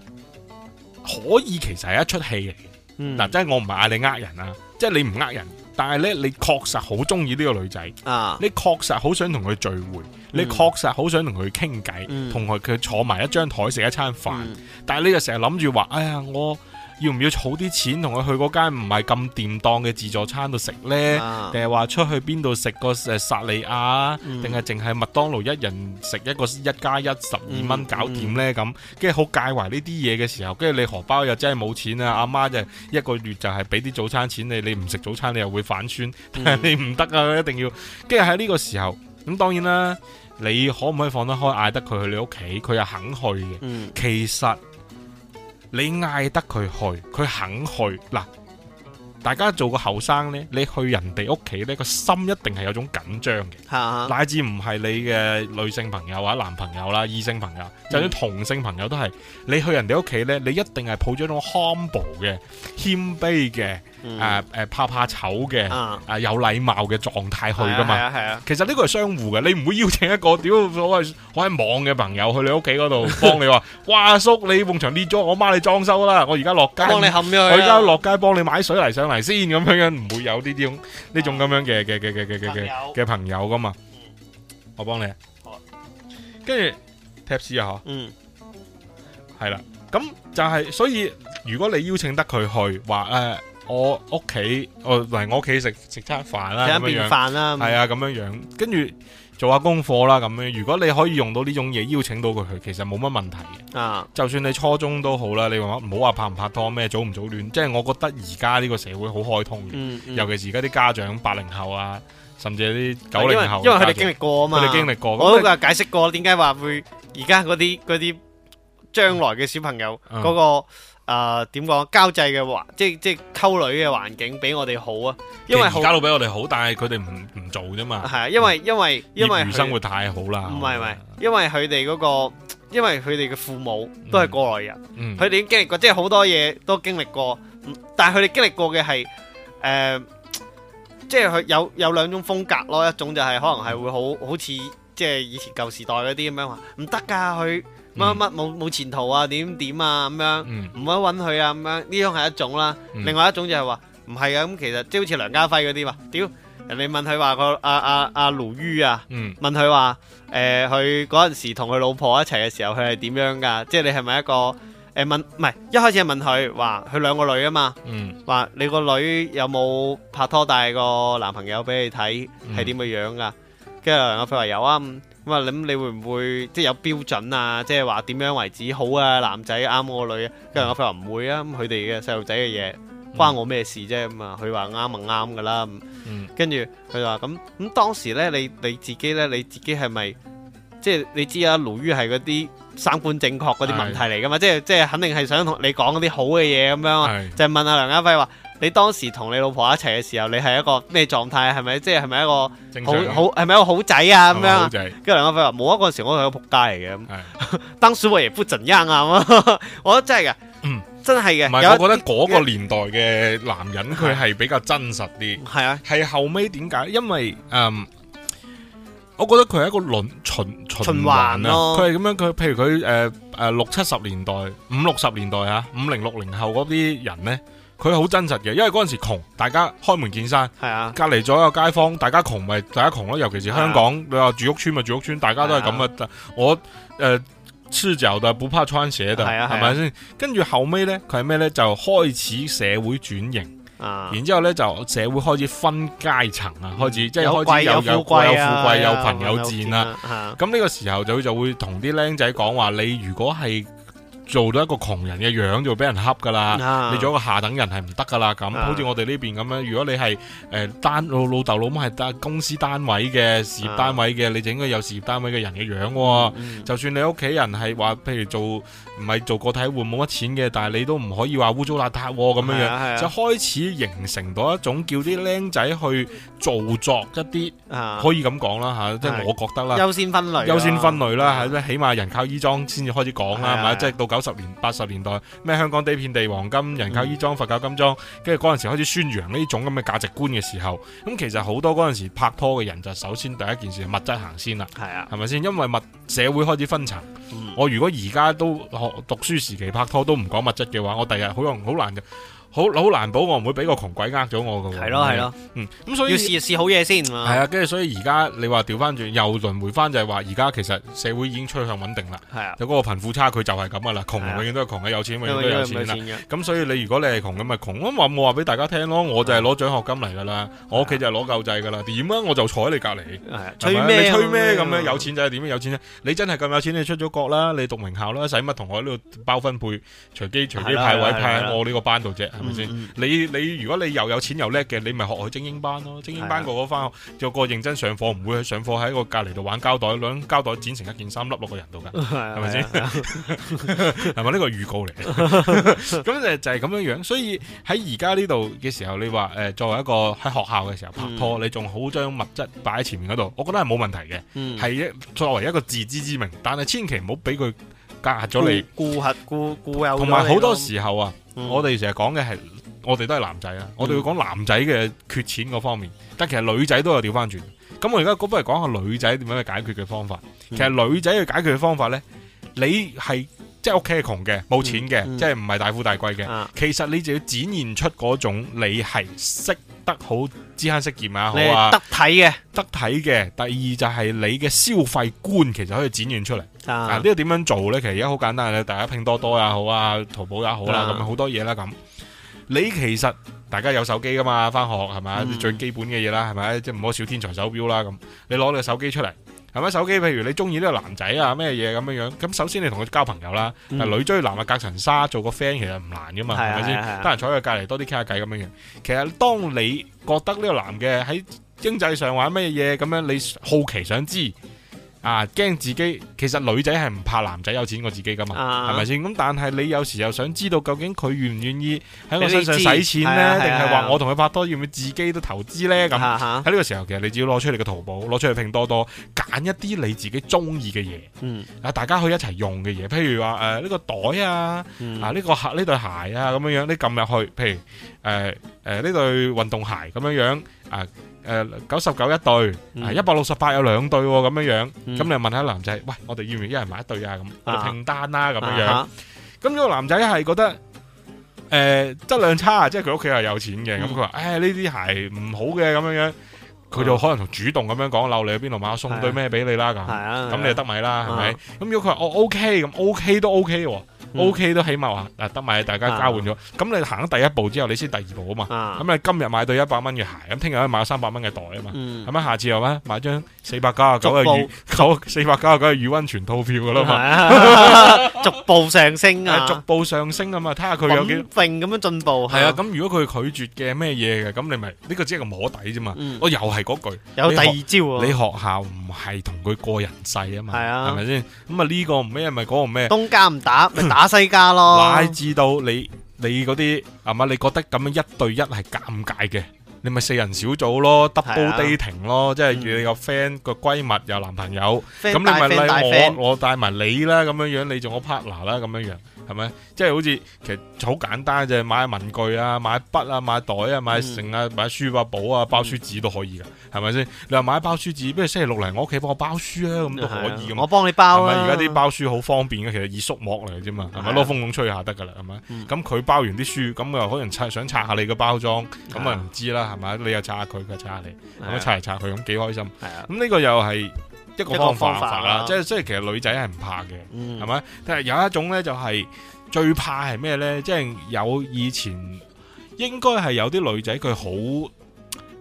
可以其實係一出戲嚟嘅。嗱、嗯，真係、啊、我唔係嗌你呃人啊，即係你唔呃人。但係咧，你確實好中意呢個女仔，啊、你確實好想同佢聚會，嗯、你確實好想同佢傾偈，同佢佢坐埋一張台食一餐飯。嗯、但係你就成日諗住話，哎呀我。要唔要儲啲錢同佢去嗰間唔係咁掂當嘅自助餐度食呢？定係話出去邊度食個誒薩莉亞，定係淨係麥當勞一人食一個一加一十二蚊搞掂呢？咁跟住好介懷呢啲嘢嘅時候，跟住你荷包又真係冇錢啊！阿媽就一個月就係俾啲早餐錢你，你唔食早餐你又會反酸，但你唔得啊！一定要跟住喺呢個時候，咁當然啦，你可唔可以放得開嗌得佢去你屋企，佢又肯去嘅？嗯、其實。你嗌得佢去，佢肯去嗱。大家做個後生呢，你去人哋屋企呢，個心一定係有種緊張嘅， 乃至唔係你嘅女性朋友或者男朋友啦，異性朋友，就算、是、同性朋友都係，嗯、你去人哋屋企呢，你一定係抱咗種 humble 嘅謙卑嘅。誒誒怕怕醜嘅，誒有禮貌嘅狀態去噶嘛，係啊係啊，其實呢個係相互嘅，你唔會邀請一個屌我係我係網嘅朋友去你屋企嗰度幫你話，哇叔你埲牆裂咗，我幫你裝修啦，我而家落街，我而家落街幫你買水泥上嚟先咁樣，唔會有呢啲呢種咁樣嘅嘅嘅嘅嘅嘅嘅朋友嘅朋友噶嘛，我幫你，跟住，tips 啊，嗬，係啦，咁就係所以如果你邀請得佢去話誒。我屋企，我嚟我屋企食食餐飯啦，食一便飯啦，係啊咁樣樣，跟住、嗯啊、做下功課啦咁樣。如果你可以用到呢種嘢邀請到佢，其實冇乜問題嘅。啊，就算你初中都好啦，你話唔好話拍唔拍拖咩，早唔早戀，即、就、係、是、我覺得而家呢個社會好開通嘅，嗯嗯、尤其是而家啲家長八零後啊，甚至係啲九零後因，因為佢哋經歷過啊嘛，佢哋經歷過，我都話解釋過點解話會而家嗰啲嗰啲將來嘅小朋友個。誒，點講、呃、交際嘅環，即係即係溝女嘅環境比我哋好，我好啊，因為而家都比我哋好，但係佢哋唔唔做啫嘛。係啊，因為因為因為生活太好啦。唔係唔係，嗯、因為佢哋嗰個，因為佢哋嘅父母都係過來人，佢哋已經經歷過，即係好多嘢都經歷過。但係佢哋經歷過嘅係，誒、呃，即係佢有有兩種風格咯，一種就係、是、可能係會、嗯、好好似即係以前舊時代嗰啲咁樣話，唔得㗎佢。乜乜冇冇前途啊？點點啊咁樣，唔好揾佢啊咁樣。呢種係一種啦，另外一種就係話唔係啊。咁其實即係好似梁家輝嗰啲話，屌人哋問佢話個阿阿阿魯豫啊，問佢話誒，佢嗰陣時同佢老婆一齊嘅時候佢係點樣㗎？即係你係咪一個誒問？唔係一開始係問佢話佢兩個女啊嘛，話你個女有冇拍拖帶個男朋友俾你睇係點嘅樣㗎？跟住梁家輝話有啊。咁啊，咁你會唔會即係有標準啊？即係話點樣為止好啊？男仔啱我女，啊，跟住我阿輝話唔會啊。咁佢哋嘅細路仔嘅嘢關我咩事啫？咁啊，佢話啱啊啱噶啦嗯。嗯，跟住佢就話咁咁當時咧，你你自己咧，你自己係咪即係你知啊？盧於係嗰啲三觀正確嗰啲問題嚟噶嘛？是即係即係肯定係想同你講嗰啲好嘅嘢咁樣，是就問阿梁家輝話。你當時同你老婆一齊嘅時候，你係一個咩狀態是是？係咪即係係咪一個好好係咪一個好仔啊？咁樣，跟住梁家輝話冇一個時，我係個仆街嚟嘅。的 當時我也不怎樣啊， 我覺得真係嘅，嗯、真係嘅。唔係是有我覺得嗰個年代嘅男人佢係比較真實啲。係啊的，係後尾點解？因為嗯，um, 我覺得佢係一個循循環咯、哦。佢係咁樣，佢譬如佢誒誒六七十年代、五六十年代嚇、啊、五零六零、啊、後嗰啲人咧。佢好真實嘅，因為嗰陣時窮，大家開門見山。係啊，隔離咗個街坊，大家窮咪大家窮咯。尤其是香港，你話住屋村咪住屋村，大家都係咁啊。我呃赤腳的不怕穿鞋的，係咪先？跟住後尾咧，佢係咩咧？就開始社會轉型。然之後咧，就社會開始分階層啊，開始即係開始有有富貴有富貴有朋友戰啦。咁呢個時候就就會同啲僆仔講話：你如果係做到一個窮人嘅樣，就俾人恰噶啦，你做一個下等人係唔得噶啦。咁好似我哋呢邊咁樣，如果你係誒單，老老豆老母係單公司單位嘅事業單位嘅，你就應該有事業單位嘅人嘅樣。就算你屋企人係話譬如做唔係做個體戶冇乜錢嘅，但係你都唔可以話污糟邋遢，咁樣樣就開始形成到一種叫啲僆仔去造作一啲，可以咁講啦吓，即係我覺得啦。優先分類，優先分類啦，起碼人靠衣裝先至開始講啦，係咪即係到九十年、八十年代咩？香港地遍地黃金，人靠衣裝，佛靠金裝。跟住嗰陣時開始宣揚呢種咁嘅價值觀嘅時候，咁其實好多嗰陣時拍拖嘅人就首先第一件事係物質行先啦。係啊，係咪先？因為物社會開始分層。我如果而家都學讀書時期拍拖都唔講物質嘅話，我第日好難好難嘅。好好難保，我唔會俾個窮鬼呃咗我噶。係咯係咯，嗯，咁所以要試試好嘢先。係啊，跟住所以而家你話調翻轉，又輪回翻，就係話而家其實社會已經趨向穩定啦。係啊，有嗰個貧富差距就係咁噶啦。窮永遠都係窮嘅，有錢永遠都有錢。咁所以你如果你係窮咁咪窮，咁我我話俾大家聽咯，我就係攞獎學金嚟噶啦，我屋企就係攞救濟噶啦，點樣我就坐喺你隔籬。係，吹咩？吹咩咁樣？有錢就係點樣？有錢咧？你真係咁有錢，你出咗國啦，你讀名校啦，使乜同我喺度包分配？隨機隨機派位派喺我呢個班度啫。係咪先？你你如果你又有錢又叻嘅，你咪學去精英班咯、啊。精英班個個翻，個個、啊、認真上課，唔會去上課喺個隔籬度玩膠袋，攞膠袋剪成一件衫，笠落個人度噶。係咪先？係咪呢個預告嚟？咁 就係咁樣樣。所以喺而家呢度嘅時候你，你話誒作為一個喺學校嘅時候拍拖，嗯、你仲好將物質擺喺前面嗰度，我覺得係冇問題嘅。係、嗯、作為一個自知之明，但係千祈唔好俾佢隔壓咗你。顧客顧顧有。同埋好多時候啊。嗯、我哋成日講嘅係，我哋都係男仔啊！我哋要講男仔嘅缺錢嗰方面，但其實女仔都有調翻轉。咁我而家不如講下女仔點樣去解決嘅方法。其實女仔去解決嘅方法呢，你係。即係屋企係窮嘅，冇錢嘅，嗯嗯、即係唔係大富大貴嘅。啊、其實你就要展現出嗰種你係識得好知慳識儉啊，好啊，得體嘅，得體嘅。第二就係你嘅消費觀，其實可以展現出嚟。啊，呢、啊這個點樣做咧？其實而家好簡單嘅，大家拼多多也好啊，淘寶也好啦、啊，咁好、啊、多嘢啦咁。你其實大家有手機噶嘛？翻學，係咪？嗯、最基本嘅嘢啦，係咪？即係唔好小天才手錶啦咁。你攞你個手機出嚟。玩手機，譬如你中意呢個男仔啊，咩嘢咁樣樣，咁首先你同佢交朋友啦。嗱、嗯，但女追男啊，隔層紗，做個 friend 其實唔難噶嘛，係咪先？得閒吧的坐喺個隔籬多啲傾下偈咁樣樣。其實當你覺得呢個男嘅喺經濟上玩咩嘢咁樣，你好奇想知。啊！驚自己，其實女仔係唔怕男仔有錢過自己噶嘛，係咪先？咁但係你有時又想知道究竟佢願唔願意喺我身上使錢呢？定係話我同佢拍拖要唔要自己都投資呢？咁喺呢個時候，其實你只要攞出嚟個淘寶，攞出嚟拼多多，揀一啲你自己中意嘅嘢，嗯、啊，大家可以一齊用嘅嘢，譬如話誒呢個袋啊，啊呢、呢個呢對鞋啊咁樣樣，你撳入去，譬如誒誒呢對運動鞋咁樣樣。啊誒九十九一對，一百六十八有兩對咁樣樣，咁你問下男仔，喂，我哋要唔要一人買一對啊？咁我哋拼單啦咁樣樣，咁如果男仔係覺得誒質量差，即係佢屋企係有錢嘅，咁佢話誒呢啲鞋唔好嘅咁樣樣，佢就可能主動咁樣講，留你去邊度買，我送對咩俾你啦咁，咁你就得米啦係咪？咁如果佢話我 OK 咁 OK 都 OK O.K. 都起碼話得埋，大家交換咗。咁你行第一步之後，你先第二步啊嘛。咁你今日買對一百蚊嘅鞋，咁聽日可以買三百蚊嘅袋啊嘛。咁啊，下次又咩？買張四百九啊九嘅魚，九四百九啊九嘅魚溫泉套票㗎啦嘛。逐步上升啊，逐步上升啊嘛。睇下佢有幾勁咁樣進步。係啊，咁如果佢拒絕嘅咩嘢嘅，咁你咪呢個只係個摸底啫嘛。我又係嗰句。有第二招啊。你學校唔係同佢過人世啊嘛。係咪先？咁啊呢個唔咩咪嗰個咩？東家唔打。打西家咯，乃至到你你嗰啲係咪？你覺得咁樣一對一係尷尬嘅，你咪四人小組咯 ，double dating 咯，啊、即係你個 friend 個閨蜜有男朋友，咁、 嗯、你咪例如我 我帶埋你啦，咁樣樣你做我 partner 啦，咁樣樣。係咪？即係好似其實好簡單，就係買文具啊，買筆啊，買袋啊，買成啊，嗯、買書啊、簿啊，包書紙都可以噶，係咪先？你話買包書紙，不如星期六嚟我屋企幫我包書啊，咁都可以噶、啊。我幫你包啊。而家啲包書好方便噶，其實熱縮膜嚟啫嘛，係咪攞風筒吹下得噶啦，係咪？咁佢、嗯、包完啲書，咁又可能拆，想拆下你個包裝，咁啊唔知啦，係咪？你又拆下佢，佢拆下你，咁拆嚟拆去咁幾開心。啊。咁呢個又係。一個方法啦，法即係所以其實女仔係唔怕嘅，係咪、嗯？但係有一種咧就係、是、最怕係咩咧？即係有以前應該係有啲女仔佢好，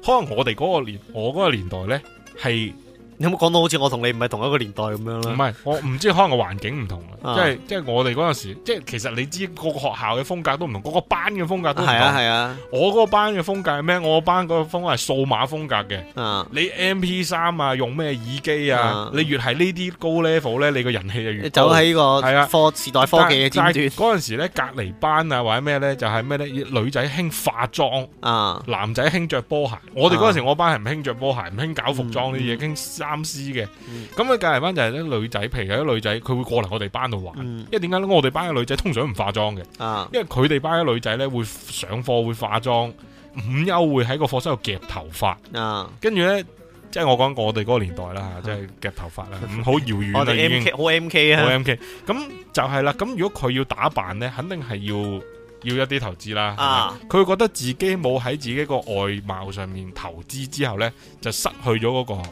可能我哋嗰個年，我個年代咧係。有冇講到好似我同你唔係同一個年代咁樣咧？唔係，我唔知可能個環境唔同，即係即係我哋嗰陣時，即係其實你知各個學校嘅風格都唔同，嗰個班嘅風格都唔同。係啊，係啊，我嗰個班嘅風格係咩？我班嗰個風格係數碼風格嘅。你 M P 三啊，用咩耳機啊？你越係呢啲高 level 咧，你個人氣就越走喺呢個係啊科時代科技嘅尖端，嗰陣時咧，隔離班啊或者咩咧，就係咩咧？女仔興化妝啊，男仔興着波鞋。我哋嗰陣時，我班係唔興着波鞋，唔興搞服裝呢啲嘢，興。三思嘅。咁佢隔籬班就係啲女仔，譬如有啲女仔佢會過嚟我哋班度玩，因為點解咧？我哋班嘅女仔通常唔化妝嘅，因為佢哋班嘅女仔咧會上課會化妝，午休會喺個課室度夾頭髮，跟住呢，即係我講我哋嗰個年代啦，即係夾頭髮啦，好遙遠，我哋好 M K 啊，好 M K，咁就係啦。咁如果佢要打扮呢，肯定係要要一啲投資啦。佢覺得自己冇喺自己個外貌上面投資之後呢，就失去咗嗰個。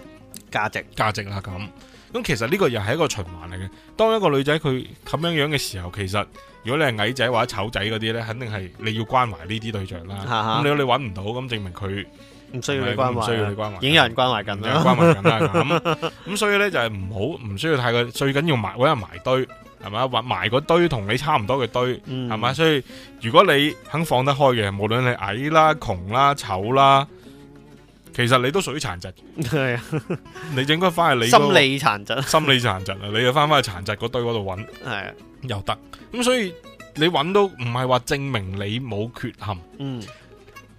價值價值啦咁，咁其實呢個又係一個循環嚟嘅。當一個女仔佢咁樣樣嘅時候，其實如果你係矮仔或者醜仔嗰啲咧，肯定係你要關懷呢啲對象啦。咁如果你揾唔到，咁證明佢唔需要你關懷，唔需要你關懷，已經有人關懷緊啦。關懷緊啦。咁咁所以咧就係唔好，唔需要太佢，最緊要揾人埋堆，係咪？埋埋嗰堆同你差唔多嘅堆，係咪？所以如果你肯放得開嘅，無論你矮啦、窮啦、醜啦。其實你都屬於殘疾， 你應該翻去你、嗰個、心理殘疾，心理殘疾啊， 你就那那的又翻翻去殘疾嗰堆嗰度揾，係又得，咁所以你揾到唔係話證明你冇缺陷，嗯。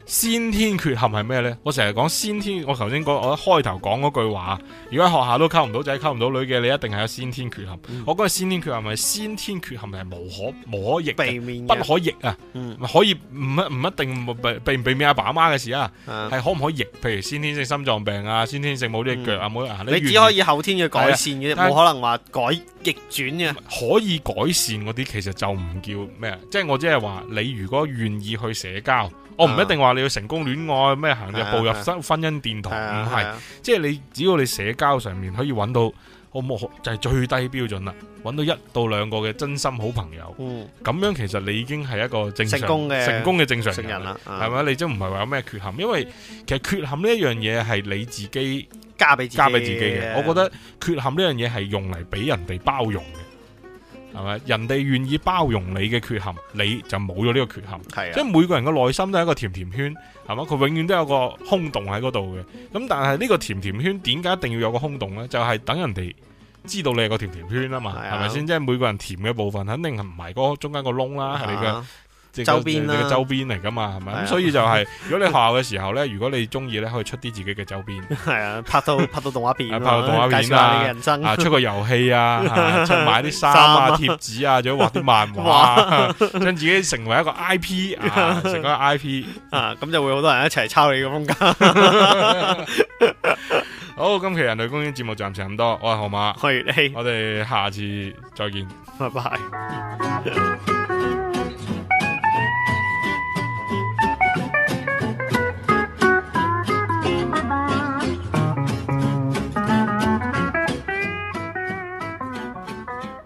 先天缺陷係咩咧？我成日講先天，我頭先我一開頭講嗰句話，如果喺學校都溝唔到仔，溝唔到女嘅，你一定係有先天缺陷。嗯、我講得先天缺陷係先天缺陷係無可無可逆，避免不可逆啊，可以唔一唔一定避避避免阿爸阿媽嘅事啊，係可唔可以逆？譬如先天性心臟病啊，先天性冇啲腳啊，冇啲行你只可以後天嘅改善嘅，冇、啊、但 可能話改。逆轉嘅、啊、可以改善嗰啲，其實就唔叫咩，即係我只係話你如果願意去社交，啊、我唔一定話你要成功戀愛咩行入步入婚姻殿堂，唔係，即係你只要你社交上面可以揾到。我冇就係最低標準啦，揾到一到兩個嘅真心好朋友，咁、嗯、樣其實你已經係一個正常成功嘅正常人啦，係咪？嗯、你真唔係話有咩缺陷，因為其實缺陷呢一樣嘢係你自己加俾自己嘅，我覺得缺陷呢樣嘢係用嚟俾人哋包容。係咪？人哋願意包容你嘅缺陷，你就冇咗呢個缺陷。係、啊，即係每個人嘅內心都係一個甜甜圈，係嘛？佢永遠都有個空洞喺嗰度嘅。咁、嗯、但係呢個甜甜圈點解一定要有個空洞呢？就係、是、等人哋知道你係個甜甜圈啊嘛，係咪先？即係每個人甜嘅部分肯定係唔係嗰中間個窿啦，係咪？周邊啦，周邊嚟噶嘛，係咪？咁所以就係，如果你學校嘅時候咧，如果你中意咧，可以出啲自己嘅周邊。係啊，拍到拍到動畫片啊，拍到動畫片啊，你嘅人生啊，出個遊戲啊，出買啲衫啊、貼紙啊，或者畫啲漫畫啊，將自己成為一個 I P 啊，成個 I P 啊，咁就會好多人一齊抄你嘅風格。好，今期人類公園節目暫時咁多，我係何馬，我我哋下次再見，拜拜。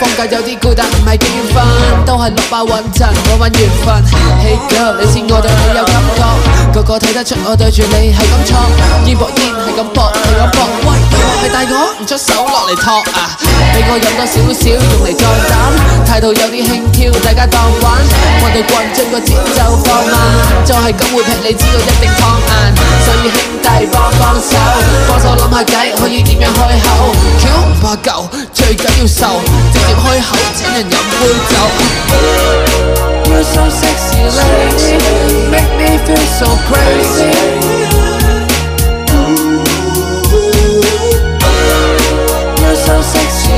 風格有啲孤，但唔係幾緣分，都係落班穩陣。我穩緣分。Hey girl，你知我對你有感覺。個個睇得出我對住你係咁錯，煙博煙係咁博，係大我唔出手落嚟托啊！畀我飲多少少，用嚟壯膽。態度有啲輕佻，大家當玩。我對棍將個節奏放慢，就係噉會劈，你知道一定湯硬。需要兄弟幫幫手，幫手諗下計，可以點樣開口？橋唔怕舊，最緊要受，直接開口請人飲杯酒。You so sexy lady, make me feel so crazy.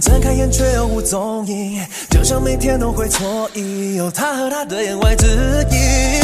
睜開眼，卻又無蹤影，就像每天都會錯意，有、哦、他和他的言外之意。